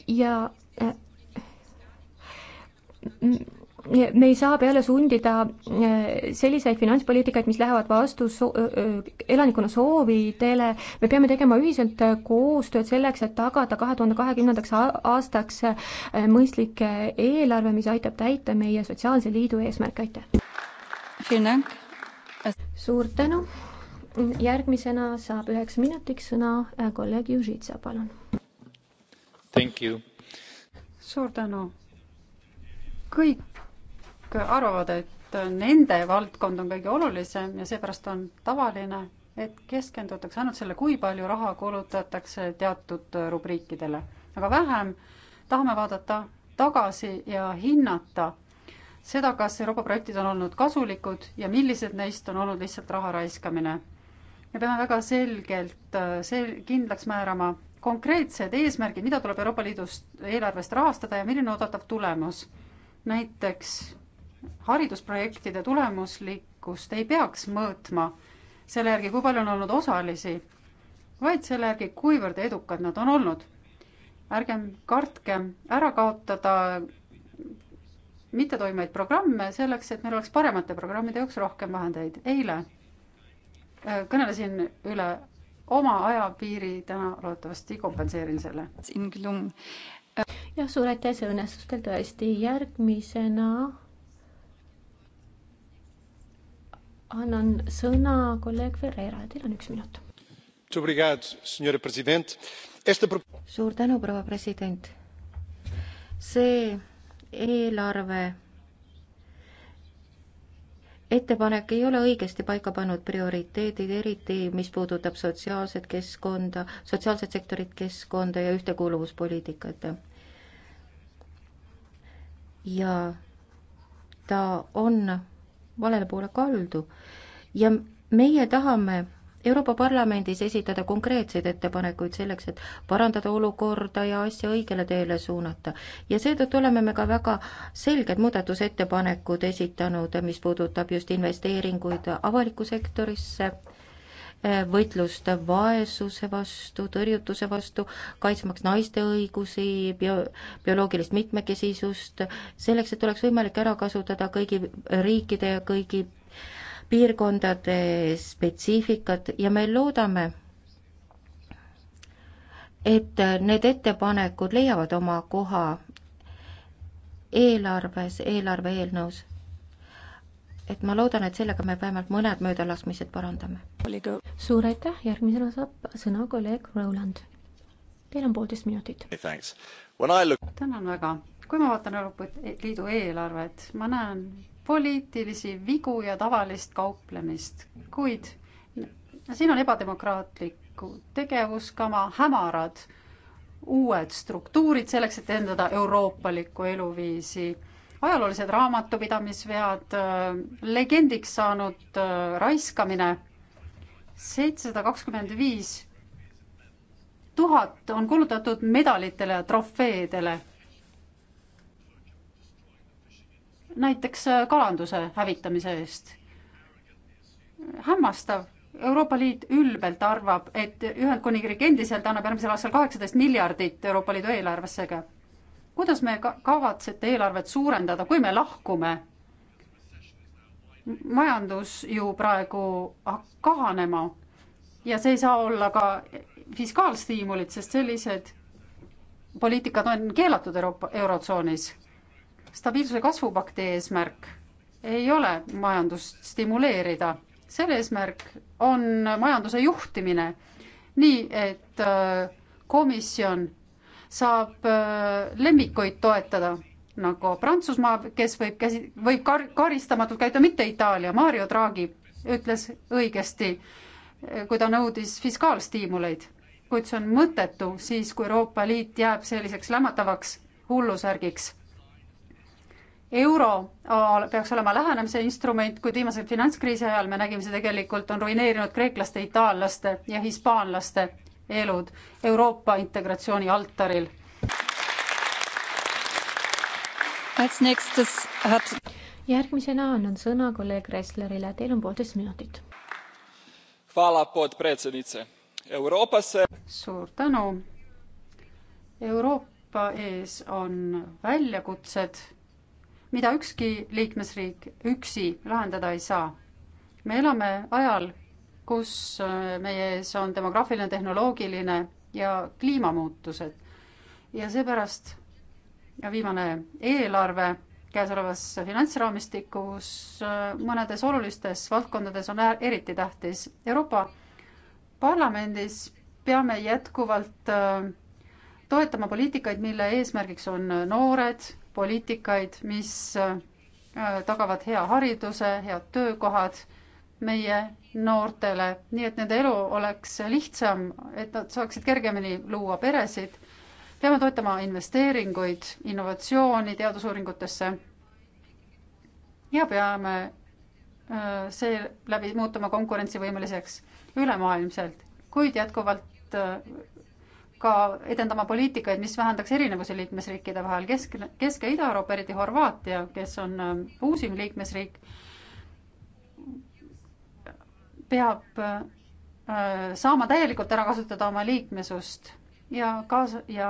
ja me ei saa peale sundida eh, selliseid finantspoliitikaid, mis lähevad vastu so-, elanikkonna soovidele, me peame tegema ühiselt eh, koostööd selleks, et tagada kahe tuhande kahekümnendaks aastaks eh, mõistlik eelarve, mis aitab täita meie sotsiaalse liidu eesmärke, aitäh! suur tänu, järgmisena saab üheks minutiks sõna kolleeg Južitsa, palun! suur tänu! kõik kõik arvavad, et nende valdkond on kõige olulisem ja seepärast on tavaline, et keskendutakse ainult selle, kui palju raha kulutatakse teatud rubriikidele, aga vähem tahame vaadata tagasi ja hinnata seda, kas Euroopa projektid on olnud kasulikud ja millised neist on olnud lihtsalt raha raiskamine. me peame väga selgelt sel-, kindlaks määrama konkreetsed eesmärgid, mida tuleb Euroopa Liidust eelarvest rahastada ja milline oodatav tulemus. näiteks haridusprojektide tulemuslikkust ei peaks mõõtma selle järgi, kui palju on olnud osalisi, vaid selle järgi, kuivõrd edukad nad on olnud. ärgem kartkem ära kaotada mittetoimeid programme selleks, et meil oleks paremate programmide jaoks rohkem vahendeid. eile äh, kõnelesin üle oma ajapiiri, täna loodetavasti kompenseerin selle. jah, suur aitäh, see õnnestus teil tõesti. järgmisena annan sõna kolleeg Ferreirale, teil on üks minut. suur tänu, proua president. see eelarve ettepanek ei ole õigesti paika pannud prioriteedid, eriti mis puudutab sotsiaalset keskkonda, sotsiaalset sektorit, keskkonda ja ühtekuuluvuspoliitikat. ja ta on valele poole kaldu. ja meie tahame Euroopa Parlamendis esitada konkreetseid ettepanekuid selleks, et parandada olukorda ja asja õigele teele suunata. ja seetõttu oleme me ka väga selged muudatusettepanekud esitanud, mis puudutab just investeeringuid avalikku sektorisse võitlust vaesuse vastu, tõrjutuse vastu, kaitsmaks naiste õigusi, bio, bioloogilist mitmekesisust, selleks, et oleks võimalik ära kasutada kõigi riikide ja kõigi piirkondade spetsiifikat ja me loodame, et need ettepanekud leiavad oma koha eelarves, eelarve eelnõus et ma loodan, et sellega me vähemalt mõned möödalaskmised parandame. suur aitäh, järgmisena saab sõna kolleeg Roland. Teil on poolteist minutit hey,. Look... tänan väga. kui ma vaatan Euroopa e-, Liidu eelarvet, ma näen poliitilisi vigu ja tavalist kauplemist, kuid siin on ebademokraatlikku tegevuskama, hämarad uued struktuurid selleks, et endada euroopalikku eluviisi ajaloolised raamatupidamisvead, äh, legendiks saanud äh, raiskamine, seitsesada kakskümmend viis tuhat on kulutatud medalitele ja trofeedele. näiteks äh, kalanduse hävitamise eest. hämmastav, Euroopa Liit ülbelt arvab, et Ühendkuningriik endiselt annab järgmisel aastal kaheksateist miljardit Euroopa Liidu eelarvesse kuidas me kavatsete eelarvet suurendada, kui me lahkume? majandus ju praegu hakkab kahanema ja see ei saa olla ka fiskaalstiimulit, sest sellised poliitikad on keelatud Euroopa, Eurotsoonis. stabiilsuse kasvupakti eesmärk ei ole majandust stimuleerida, selle eesmärk on majanduse juhtimine, nii et äh, komisjon saab äh, lemmikuid toetada, nagu Prantsusmaa, kes võib käsi, võib kar-, karistamatult käituda, mitte Itaalia, Mario Draghi ütles õigesti, äh, kui ta nõudis fiskaalstiimuleid, kuid see on mõttetu siis, kui Euroopa Liit jääb selliseks lämmatavaks hullusärgiks. euro peaks olema lähenemise instrument, kuid viimase finantskriisi ajal me nägime, see tegelikult on ruineerinud kreeklaste, itaallaste ja hispaanlaste elud Euroopa integratsiooni altaril. järgmisena annan sõna kolleeg Resslerile, teil on poolteist minutit. suur tänu. Euroopa ees on väljakutsed, mida ükski liikmesriik üksi lahendada ei saa. me elame ajal, kus äh, meie ees on demograafiline, tehnoloogiline ja kliimamuutused. ja seepärast ja viimane eelarve käesolevas finantsraamistikus äh, mõnedes olulistes valdkondades on eriti tähtis. Euroopa Parlamendis peame jätkuvalt äh, toetama poliitikaid, mille eesmärgiks on noored, poliitikaid, mis tagavad hea hariduse, head töökohad meie noortele, nii et nende elu oleks lihtsam, et nad saaksid kergemini luua peresid. peame toetama investeeringuid, innovatsiooni teadusuuringutesse. ja peame äh, seeläbi muutuma konkurentsivõimeliseks ülemaailmselt, kuid jätkuvalt äh, ka edendama poliitikaid, mis vähendaks erinevusi liikmesriikide vahel. Kesk, Kesk- ja Ida-Euroopa, eriti Horvaatia, kes on äh, uusim liikmesriik peab äh, saama täielikult ära kasutada oma liikmesust ja kaasa ja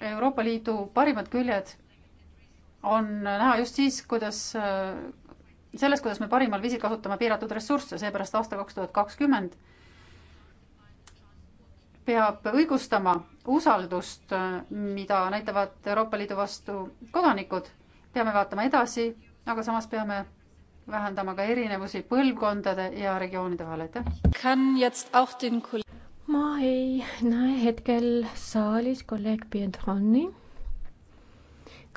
Euroopa Liidu parimad küljed on näha just siis, kuidas, äh, selles, kuidas me parimal viisil kasutame piiratud ressursse, seepärast aasta kaks tuhat kakskümmend peab õigustama usaldust, äh, mida näitavad Euroopa Liidu vastu kodanikud. peame vaatama edasi, aga samas peame vähendama ka erinevusi põlvkondade ja regioonide vahel, aitäh! ma ei näe hetkel saalis kolleeg Pietroni.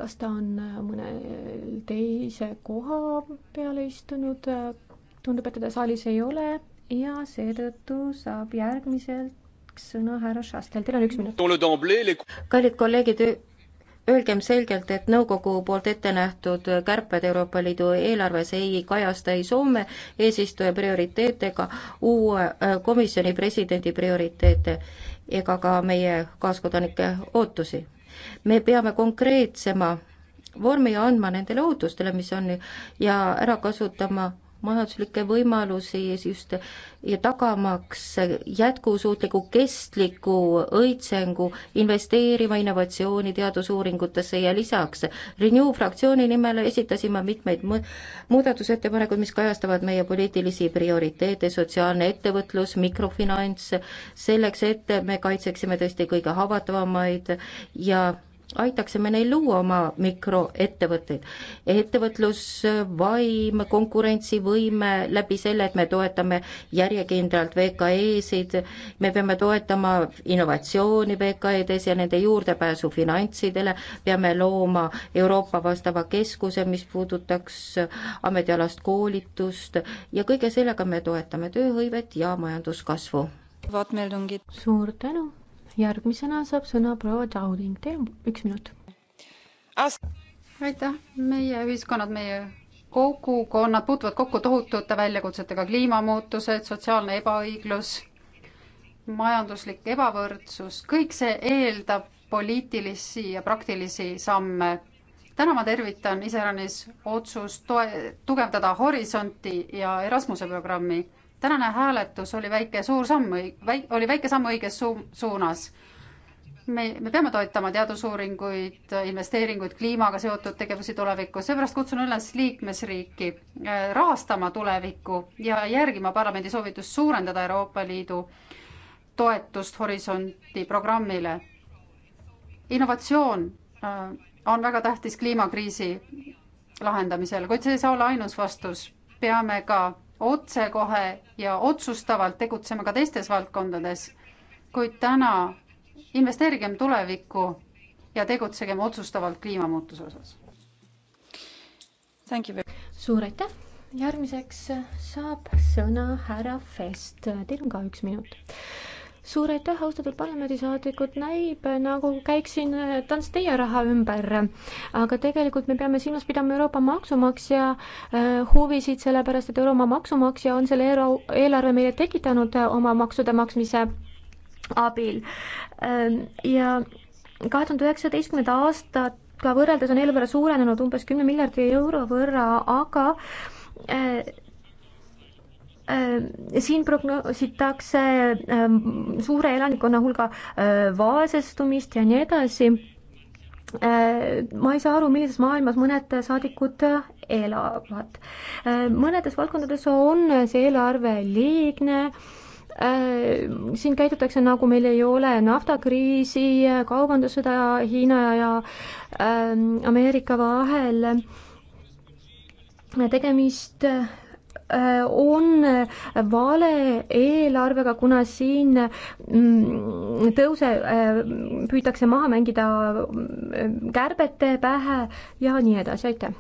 kas ta on äh, mõne äh, teise koha peale istunud? tundub, et teda saalis ei ole ja seetõttu saab järgmiselt sõna härra Šastel, teil on üks minut. kallid kolleegid, öelgem selgelt, et nõukogu poolt ette nähtud kärped Euroopa Liidu eelarves ei kajasta ei Soome eesistuja prioriteete ega uue äh, komisjoni presidendi prioriteete ega ka meie kaaskodanike ootusi. me peame konkreetsema vormi andma nendele ootustele, mis on ja ära kasutama majanduslikke võimalusi just ja tagamaks jätkusuutliku kestliku õitsengu investeerima innovatsiooni teadusuuringutesse ja lisaks Renew fraktsiooni nimel esitasime mitmeid muudatusettepanekuid, mis kajastavad meie poliitilisi prioriteete, sotsiaalne ettevõtlus, mikrofinants, selleks et me kaitseksime tõesti kõige haavatavamaid ja aitaksime neil luua oma mikroettevõtteid. ettevõtlusvaim, konkurentsivõime läbi selle, et me toetame järjekindlalt VKE-sid, me peame toetama innovatsiooni VKE-des ja nende juurdepääsu finantsidele, peame looma Euroopa vastava keskuse, mis puudutaks ametialast koolitust ja kõige sellega me toetame tööhõivet ja majanduskasvu. suur tänu! järgmisena saab sõna proua Downing, teil on üks minut. aitäh, meie ühiskonnad, meie kogukonnad puutuvad kokku tohutute väljakutsetega, kliimamuutused, sotsiaalne ebaõiglus, majanduslik ebavõrdsus, kõik see eeldab poliitilisi ja praktilisi samme. täna ma tervitan iseäranis otsust toe-, tugevdada Horisonti ja Erasmuse programmi tänane hääletus oli väike suur samm, väi-, oli väike samm õiges su-, suunas. me, me peame toetama teadusuuringuid, investeeringuid, kliimaga seotud tegevusi tulevikus, seepärast kutsun üles liikmesriiki äh, rahastama tulevikku ja järgima parlamendi soovitust suurendada Euroopa Liidu toetust Horisonti programmile. innovatsioon äh, on väga tähtis kliimakriisi lahendamisel, kuid see ei saa olla ainus vastus. peame ka otsekohe ja otsustavalt tegutseme ka teistes valdkondades, kuid täna investeerigem tulevikku ja tegutsegem otsustavalt kliimamuutuse osas. suur aitäh, järgmiseks saab sõna härra Fest, teil on ka üks minut suur aitäh, austatud parlamendisaadikud, näib nagu käiksin äh, tants teie raha ümber. aga tegelikult me peame silmas pidama Euroopa maksumaksja äh, huvisid, sellepärast et Euroopa maksumaksja on selle euro, eelarve meile tekitanud äh, oma maksude maksmise abil. Ähm, ja kahe tuhande üheksateistkümnenda aastaga võrreldes on eelarve suurenenud umbes kümne miljardi euro võrra, aga Äh, siin prognoositakse äh, suure elanikkonna hulga äh, vaesestumist ja nii edasi. ma ei saa aru, millises maailmas mõned saadikud elavad. mõnedes valdkondades on see eelarve liigne siin käidutakse nagu meil ei ole naftakriisi, kaubandussõda Hiina ja Ameerika vahel. tegemist Äh, on vale eelarvega, kuna siin mm, tõuse äh, püütakse maha mängida mm, kärbete pähe ja nii edasi, aitäh.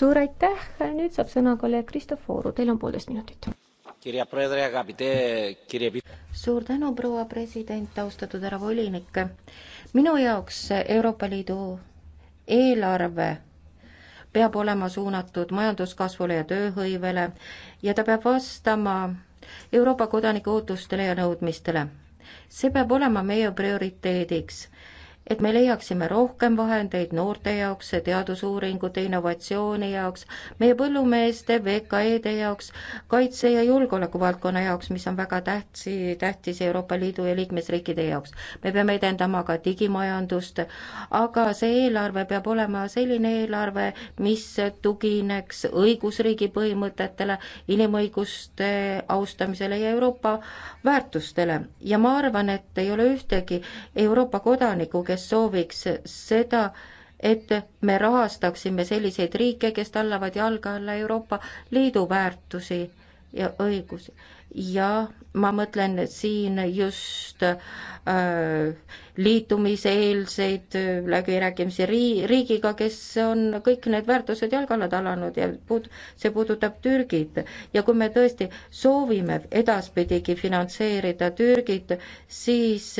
suur aitäh, nüüd saab sõna kolleeg Kristoforu, teil on poolteist minutit. suur tänu, proua president, austatud härra volinik. minu jaoks Euroopa Liidu eelarve peab olema suunatud majanduskasvule ja tööhõivele ja ta peab vastama Euroopa kodanike ootustele ja nõudmistele. see peab olema meie prioriteediks et me leiaksime rohkem vahendeid noorte jaoks, teadusuuringute, innovatsiooni jaoks, meie põllumeeste, VKE-de jaoks, kaitse- ja julgeolekuvaldkonna jaoks, mis on väga tähtsi, tähtis Euroopa Liidu ja liikmesriikide jaoks. me peame edendama ka digimajandust, aga see eelarve peab olema selline eelarve, mis tugineks õigusriigi põhimõtetele, inimõiguste austamisele ja Euroopa väärtustele. ja ma arvan, et ei ole ühtegi Euroopa kodanikku, kes sooviks seda, et me rahastaksime selliseid riike, kes tallavad jalge alla Euroopa Liidu väärtusi ja õigusi. ja ma mõtlen siin just äh, liitumiseelseid äh, läbirääkimisi rii-, riigiga, kes on kõik need väärtused jalge alla talanud ja puud-, see puudutab Türgit. ja kui me tõesti soovime edaspidigi finantseerida Türgit, siis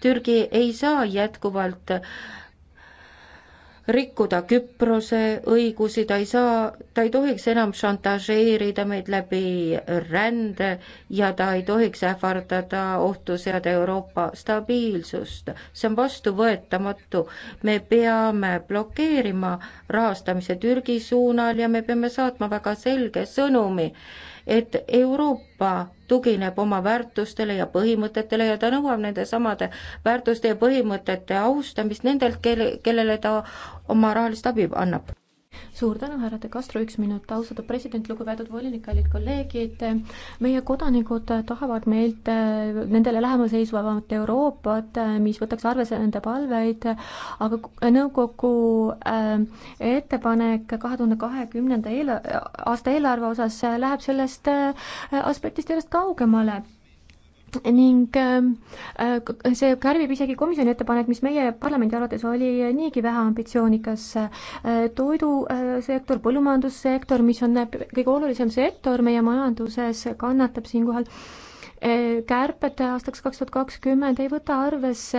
Türgi ei saa jätkuvalt rikkuda Küprose õigusi, ta ei saa, ta ei tohiks enam šantažeerida meid läbi rände ja ta ei tohiks ähvardada ohtu seada Euroopa stabiilsust. see on vastuvõetamatu. me peame blokeerima rahastamise Türgi suunal ja me peame saatma väga selge sõnumi et Euroopa tugineb oma väärtustele ja põhimõtetele ja ta nõuab nende samade väärtuste ja põhimõtete austamist nendelt, kelle, kellele ta oma rahalist abi annab suur tänu, härra De Castro, üks minut, austatud president, lugupeetud volinik, kallid kolleegid. meie kodanikud tahavad meilt eh, nendele lähemal seisvamat Euroopat, eh, mis võtaks arvesse nende palveid, aga nõukogu eh, ettepanek kahe tuhande kahekümnenda eel-, aasta eelarve osas läheb sellest aspektist järjest kaugemale ning ähm, äh, see kärbib isegi komisjoni ettepanek, mis meie parlamendi arvates oli niigi väheambitsioonikas. Äh, toidusektor, äh, põllumajandussektor, mis on kõige olulisem sektor meie majanduses, kannatab siinkohal äh, kärped aastaks kaks tuhat kakskümmend ei võta arvesse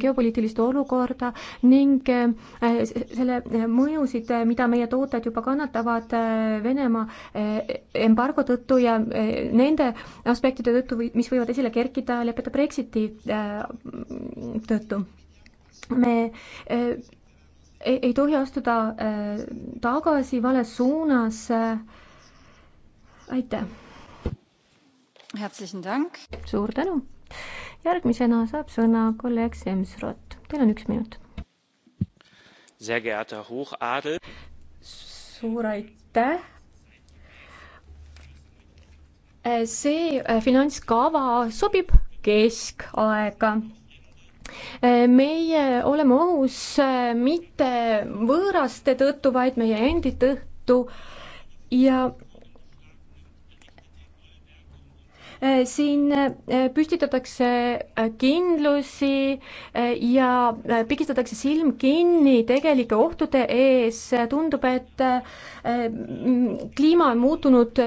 geopoliitilist olukorda ning eh, selle eh, mõjusid, eh, mida meie tooted juba kannatavad Venemaa embargo tõttu ja nende aspektide tõttu, mis võivad esile kerkida leppeta Brexiti tõttu. me ei, ei tohi astuda tagasi vales suunas. aitäh suur tänu. järgmisena saab sõna kolleeg Semsrot, teil on üks minut. suur aitäh see äh, finantskava sobib keskaega. Äh, meie oleme ohus äh, mitte võõraste tõttu, vaid meie endi tõttu ja Äh, siin äh, püstitatakse äh, kindlusi ja pigistatakse silm kinni tegelike ohtude ees, tundub, et kliima on muutunud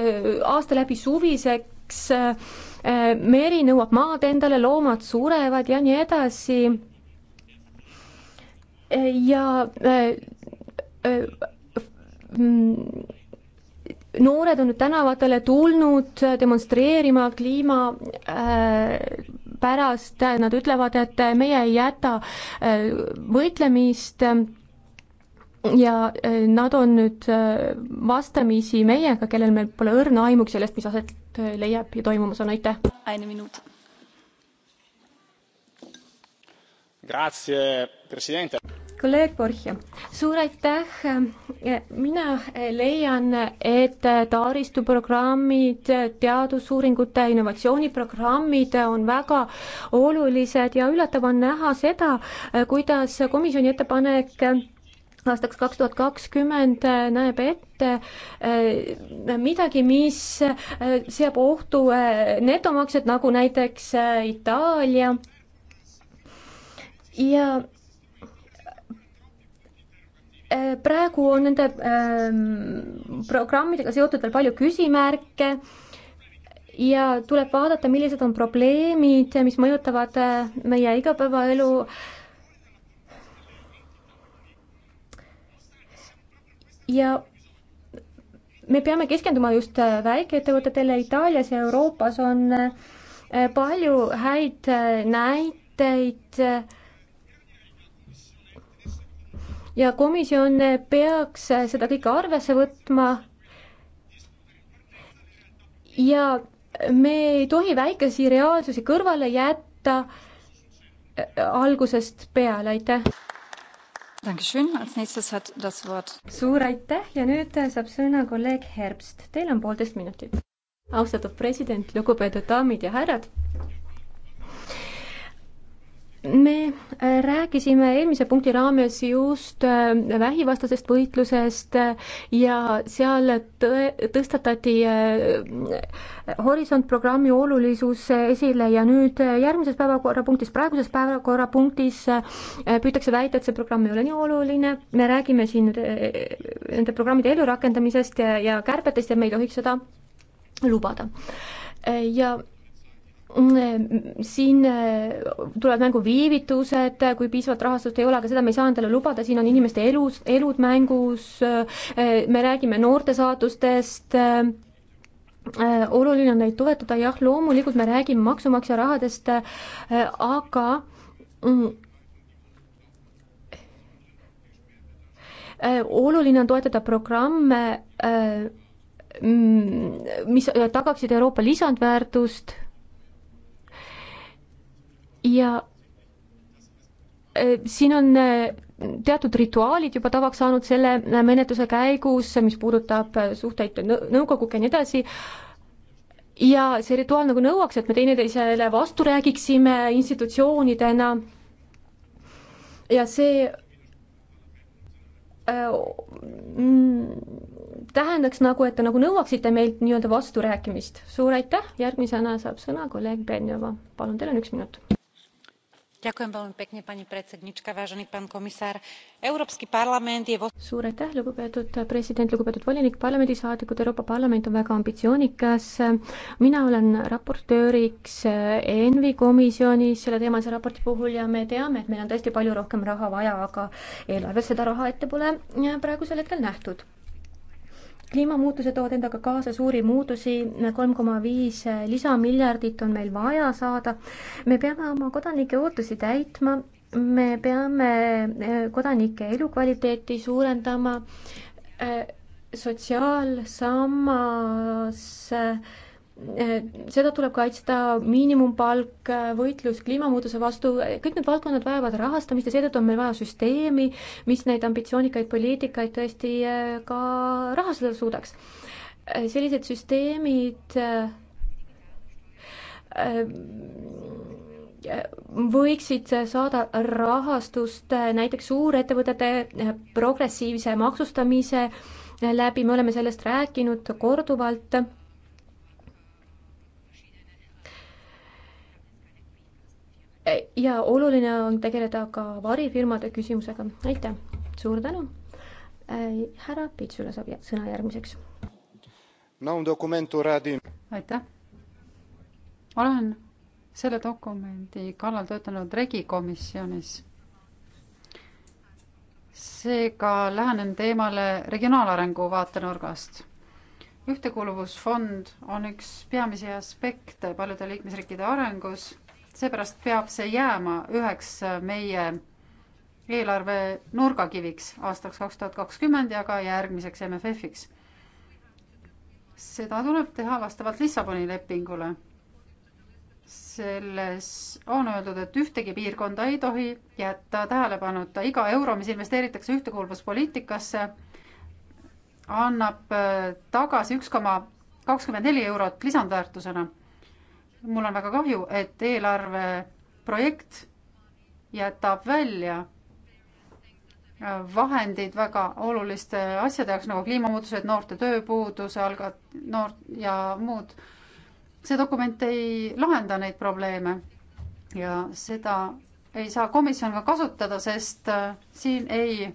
aasta läbi suviseks, meri nõuab maad endale, loomad surevad ja nii edasi. ja noored on nüüd tänavatele tulnud demonstreerima kliima äh, pärast, nad ütlevad, et meie ei jäta äh, võitlemist ja äh, nad on nüüd äh, vastamisi meiega, kellel meil pole õrna aimugi sellest, mis aset äh, leiab ja toimumas on, aitäh! Grazie, president! kolleeg Borja, suur aitäh. mina leian, et taristuprogrammid, teadusuuringute innovatsiooniprogrammid on väga olulised ja üllatav on näha seda, kuidas komisjoni ettepanek aastaks kaks tuhat kakskümmend näeb ette eh, midagi, mis eh, seab ohtu eh, netomaksjad, nagu näiteks Itaalia ja Eh, praegu on nende ehm, programmidega seotud veel palju küsimärke ja tuleb vaadata, millised on probleemid, mis mõjutavad eh, meie igapäevaelu. ja me peame keskenduma just eh, väikeettevõtetele, Itaalias ja Euroopas on palju häid näiteid ja komisjon peaks seda kõike arvesse võtma. ja me ei tohi väikesi reaalsusi kõrvale jätta äh, algusest peale, aitäh. suur aitäh ja nüüd saab sõna kolleeg Herbst, teil on poolteist minutit. austatud president, lugupeetud daamid ja härrad me äh, rääkisime eelmise punkti raames just äh, vähivastasest võitlusest äh, ja seal tõ-, tõstatati Horisont programmi olulisus esile ja nüüd järgmises päevakorrapunktis, praeguses päevakorrapunktis püütakse väita, et see programm ei ole nii oluline, me räägime siin nende programmide ellurakendamisest ja, ja kärbetest ja me ei tohiks seda lubada. ja siin äh, tulevad mängu viivitused, kui piisavat rahastust ei ole, aga seda me ei saa endale lubada, siin on inimeste elus, elud mängus, äh, me räägime noorte saatustest, äh, oluline on neid toetada, jah, loomulikult me räägime maksumaksja rahadest, aga mm, oluline on toetada programme, mm, mis tagaksid Euroopa lisandväärtust ja äh, siin on äh, teatud rituaalid juba tavaks saanud selle äh, menetluse käigus, mis puudutab suhteid nõukoguga ja nii edasi, ja see rituaal nagu nõuaks, et me teineteisele vastu räägiksime institutsioonidena ja see mm, tähendaks nagu, et te nagu nõuaksite meilt nii-öelda vasturääkimist. suur aitäh, järgmisena saab sõna kolleeg Benjova, palun, teil on üks minut suur aitäh, lugupeetud president, lugupeetud volinik, parlamendisaadikud, Euroopa Parlament on väga ambitsioonikas. mina olen raportööriks ENVI komisjonis selle teemalise raporti puhul ja me teame, et meil on tõesti palju rohkem raha vaja, aga eelarves seda raha ette pole praegusel hetkel nähtud kliimamuutused toovad endaga kaasa suuri muutusi, kolm koma viis lisamiljardit on meil vaja saada. me peame oma kodanike ootusi täitma, me peame eh, kodanike elukvaliteeti suurendama, eh, sotsiaalsammas eh, Äh, seda tuleb kaitsta, miinimumpalk, äh, võitlus kliimamuutuse vastu, kõik need valdkonnad vajavad rahastamist ja seetõttu on meil vaja süsteemi, mis neid ambitsioonikaid poliitikaid tõesti äh, ka rahastada suudaks. sellised süsteemid võiksid saada rahastust näiteks suurettevõtete progressiivse maksustamise läbi, me oleme sellest rääkinud korduvalt ja oluline on tegeleda ka varifirmade küsimusega. aitäh, suur tänu. Äh, härra Pitsula saab sõna järgmiseks. aitäh. olen selle dokumendi kallal töötanud regikomisjonis. seega lähenen teemale regionaalarengu vaatenurgast ühtekuuluvusfond on üks peamisi aspekte paljude liikmesriikide arengus seepärast peab see jääma üheks meie eelarve nurgakiviks aastaks kaks tuhat kakskümmend ja ka järgmiseks MFF-iks. seda tuleb teha vastavalt Lissaboni lepingule. selles on öeldud, et ühtegi piirkonda ei tohi jätta tähelepanuta, iga euro, mis investeeritakse ühtekuuluvuspoliitikasse, annab tagasi üks koma kakskümmend neli eurot lisandväärtusena mul on väga kahju, et eelarve projekt jätab välja vahendid väga oluliste asjade jaoks nagu kliimamuutused, noorte tööpuuduse algat-, noort ja muud. see dokument ei lahenda neid probleeme ja seda ei saa komisjon ka kasutada, sest äh, siin ei,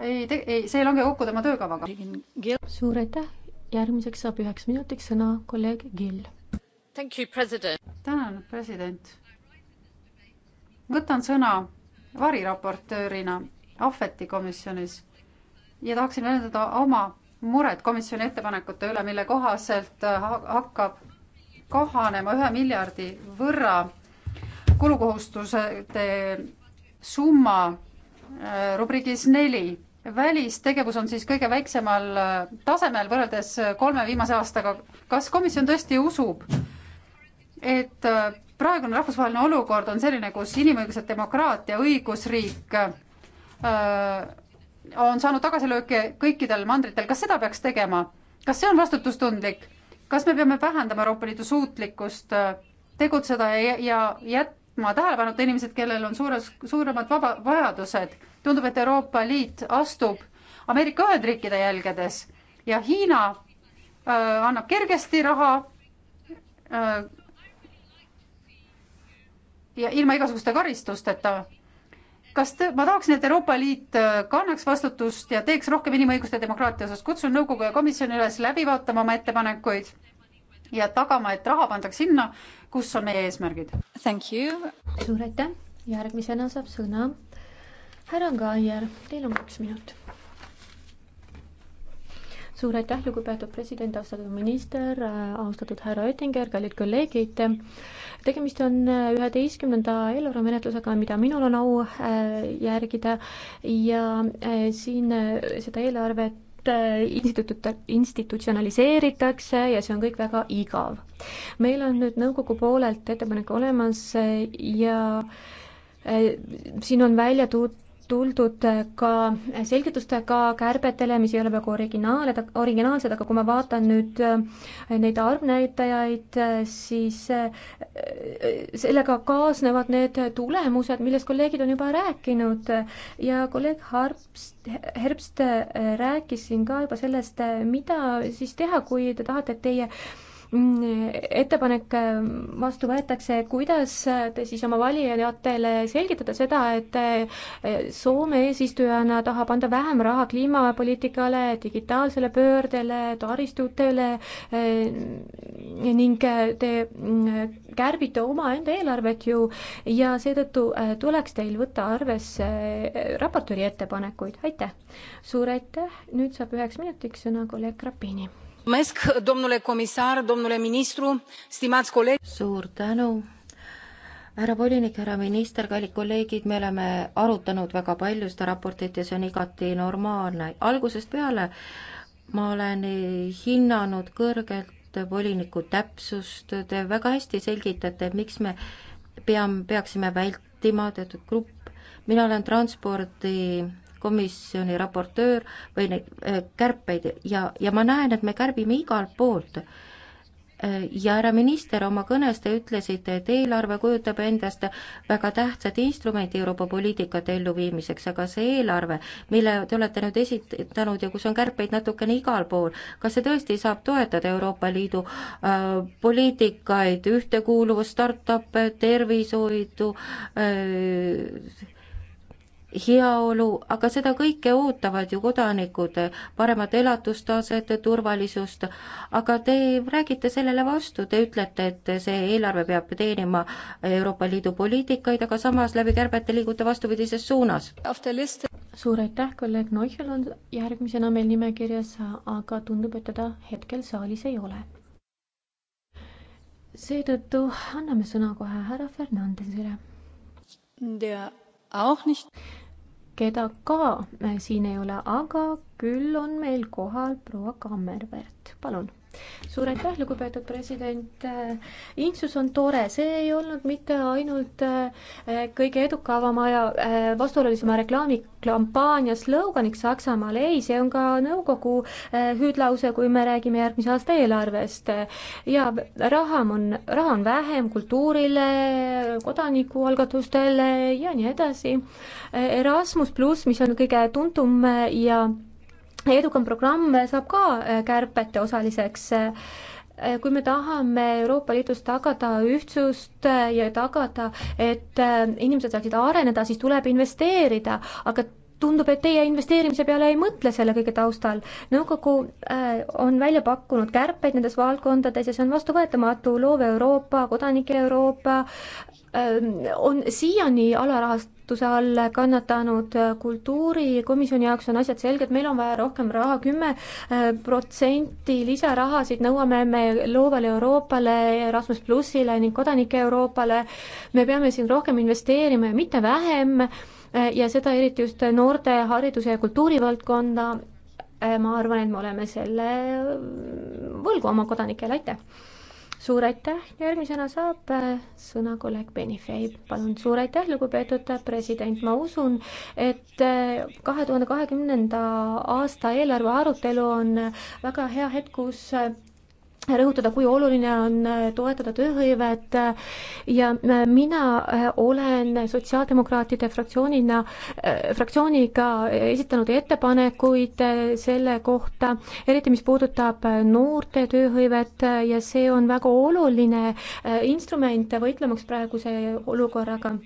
ei, ei, see ei lange kokku tema töökavaga. suur aitäh, järgmiseks saab üheks minutiks sõna kolleeg Gill tänan, president. võtan sõna variraportöörina Ahveti komisjonis ja tahaksin väljendada oma muret komisjoni ettepanekute üle, mille kohaselt hakkab kohanema ühe miljardi võrra kulukohustuste summa äh, rubriigis neli. välistegevus on siis kõige väiksemal äh, tasemel võrreldes kolme viimase aastaga. kas komisjon tõesti usub, et äh, praegune rahvusvaheline olukord on selline, kus inimõigused, demokraatia, õigusriik äh, on saanud tagasilööke kõikidel mandritel, kas seda peaks tegema? kas see on vastutustundlik? kas me peame vähendama Euroopa Liidu suutlikkust äh, tegutseda ja, ja jätma tähelepanuta inimesed, kellel on suures, suuremad vaba, vajadused? tundub, et Euroopa Liit astub Ameerika Ühendriikide jälgedes ja Hiina öö, annab kergesti raha öö, ja ilma igasuguste karistusteta. kas te, ma tahaksin, et Euroopa Liit äh, kannaks vastutust ja teeks rohkem inimõiguste demokraatia osas, kutsun nõukogu ja komisjoni üles läbi vaatama oma ettepanekuid ja tagama, et raha pandaks sinna, kus on meie eesmärgid. suur aitäh, järgmisena saab sõna härra Kaier, teil on kaks minutit suur aitäh, lugupeetud president, austatud minister, austatud härra Oettinger, kallid kolleegid. tegemist on üheteistkümnenda eelarvemenetlusega, mida minul on au äh, järgida ja äh, siin äh, seda eelarvet instituut, institutsionaliseeritakse ja see on kõik väga igav. meil on nüüd nõukogu poolelt ettepanek olemas ja siin on välja toodud tuldud ka selgitustega kärbetele, mis ei ole väga originaalid, originaalsed, aga kui ma vaatan nüüd äh, neid arvnäitajaid, siis äh, sellega kaasnevad need tulemused, millest kolleegid on juba rääkinud ja kolleeg Harps, Herbst äh, rääkis siin ka juba sellest, mida siis teha, kui te tahate, et teie ettepanek vastu võetakse, kuidas te siis oma valijatele selgitate seda, et Soome eesistujana tahab anda vähem raha kliimapoliitikale, digitaalsele pöördele, taristutele eh, ning te kärbite omaenda eelarvet ju ja seetõttu eh, tuleks teil võtta arvesse eh, raportööri ettepanekuid, aitäh! suur aitäh, nüüd saab üheks minutiks sõna kolleeg Grappini domnule comisar domnule ministru stimați colegi. suur tänu härra volinik härra minister kallid kolleegid me oleme arutanud väga palju seda raportit ja see on igati normaalne algusest peale ma olen hinnanud kõrgelt voliniku täpsust te väga hästi selgitate miks me peame peaksime vältima teatud grupp mina olen transpordi komisjoni raportöör või neid eh, kärpeid ja, ja ma näen, et me kärbime igalt poolt. Eh, ja härra minister, oma kõnes te ütlesite, et eelarve kujutab endast väga tähtsat instrumenti Euroopa poliitikate elluviimiseks, aga see eelarve, mille te olete nüüd esitanud ja kus on kärpeid natukene igal pool, kas see tõesti saab toetada Euroopa Liidu äh, poliitikaid, ühtekuuluvust, startup'e, tervishoidu äh,, heaolu, aga seda kõike ootavad ju kodanikud, paremat elatustaset, turvalisust, aga te räägite sellele vastu, te ütlete, et see eelarve peab teenima Euroopa Liidu poliitikaid, aga samas läbi kärbete liigute vastupidises suunas. suur aitäh, kolleeg Neuchel on järgmisena meil nimekirjas, aga tundub, et teda hetkel saalis ei ole. seetõttu anname sõna kohe härra Fernandesile auch nicht keda ka äh, siin ei ole, aga küll on meil kohal proua Kammervert, palun suur aitäh, lugupeetud president. Äh, Intsus on tore, see ei olnud mitte ainult äh, äh, kõige edukavama ja vastuolulisema reklaamikampaania sloganiks Saksamaal, ei, see on ka nõukogu hüüdlause, kui me räägime järgmise aasta eelarvest. ja raha on, raha on vähem kultuurile, kodanikualgatustele ja nii edasi. Erasmus pluss, mis on kõige tuntum ja edukam programm saab ka äh, kärbete osaliseks äh, kui me tahame Euroopa Liidus tagada ühtsust äh, ja tagada, et inimesed saaksid areneda, siis tuleb investeerida, aga tundub, et teie investeerimise peale ei mõtle selle kõige taustal. nõukogu on välja pakkunud kärpeid nendes valdkondades ja see on vastuvõetamatu, loov Euroopa, kodanike Euroopa, Ähm, on siiani alarahastuse all kannatanud äh, kultuurikomisjoni jaoks on asjad selged, meil on vaja rohkem raha, kümme äh, protsenti lisarahasid nõuame me loovale Euroopale, Erasmus plussile ning kodanike Euroopale. me peame siin rohkem investeerima ja mitte vähem äh, ja seda eriti just noorte hariduse ja kultuurivaldkonda. ma arvan, et me oleme selle võlgu oma kodanikele, aitäh! suur aitäh, järgmisena saab äh, sõna kolleeg Benifei, palun, suur aitäh, lugupeetud president, ma usun, et äh, kahe tuhande kahekümnenda aasta eelarve arutelu on väga hea hetk, kus äh, rõhutada, kui oluline on äh, toetada tööhõivet ja äh, mina äh, olen Sotsiaaldemokraatide fraktsioonina, fraktsiooniga esitanud ettepanekuid selle kohta, eriti mis puudutab noorte tööhõivet ja see on väga oluline instrument võitlemaks praeguse olukorraga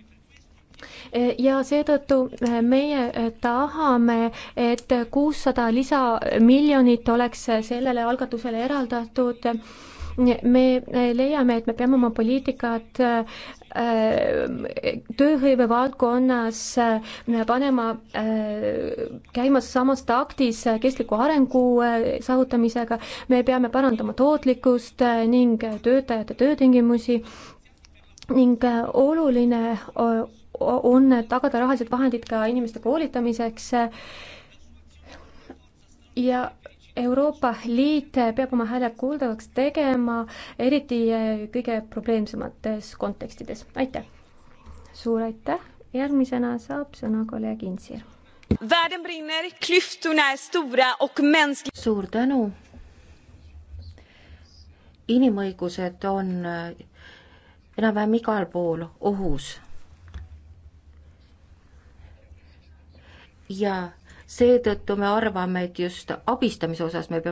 E, ja seetõttu e, meie e, tahame, et kuussada lisamiljonit oleks sellele algatusele eraldatud. me leiame, et me peame oma poliitikat tööhõive valdkonnas panema käima samas taktis kestliku arengu saavutamisega, me peame parandama tootlikkust ning töötajate töötingimusi ning oluline on tagada rahalised vahendid ka inimeste koolitamiseks ja Euroopa Liit peab oma hääle kuuldavaks tegema, eriti kõige probleemsemates kontekstides, aitäh! suur aitäh, järgmisena saab sõna kolleeg Insir. suur tänu! inimõigused on enam-vähem igal pool ohus ja seetõttu me arvame, et just abistamise osas me peame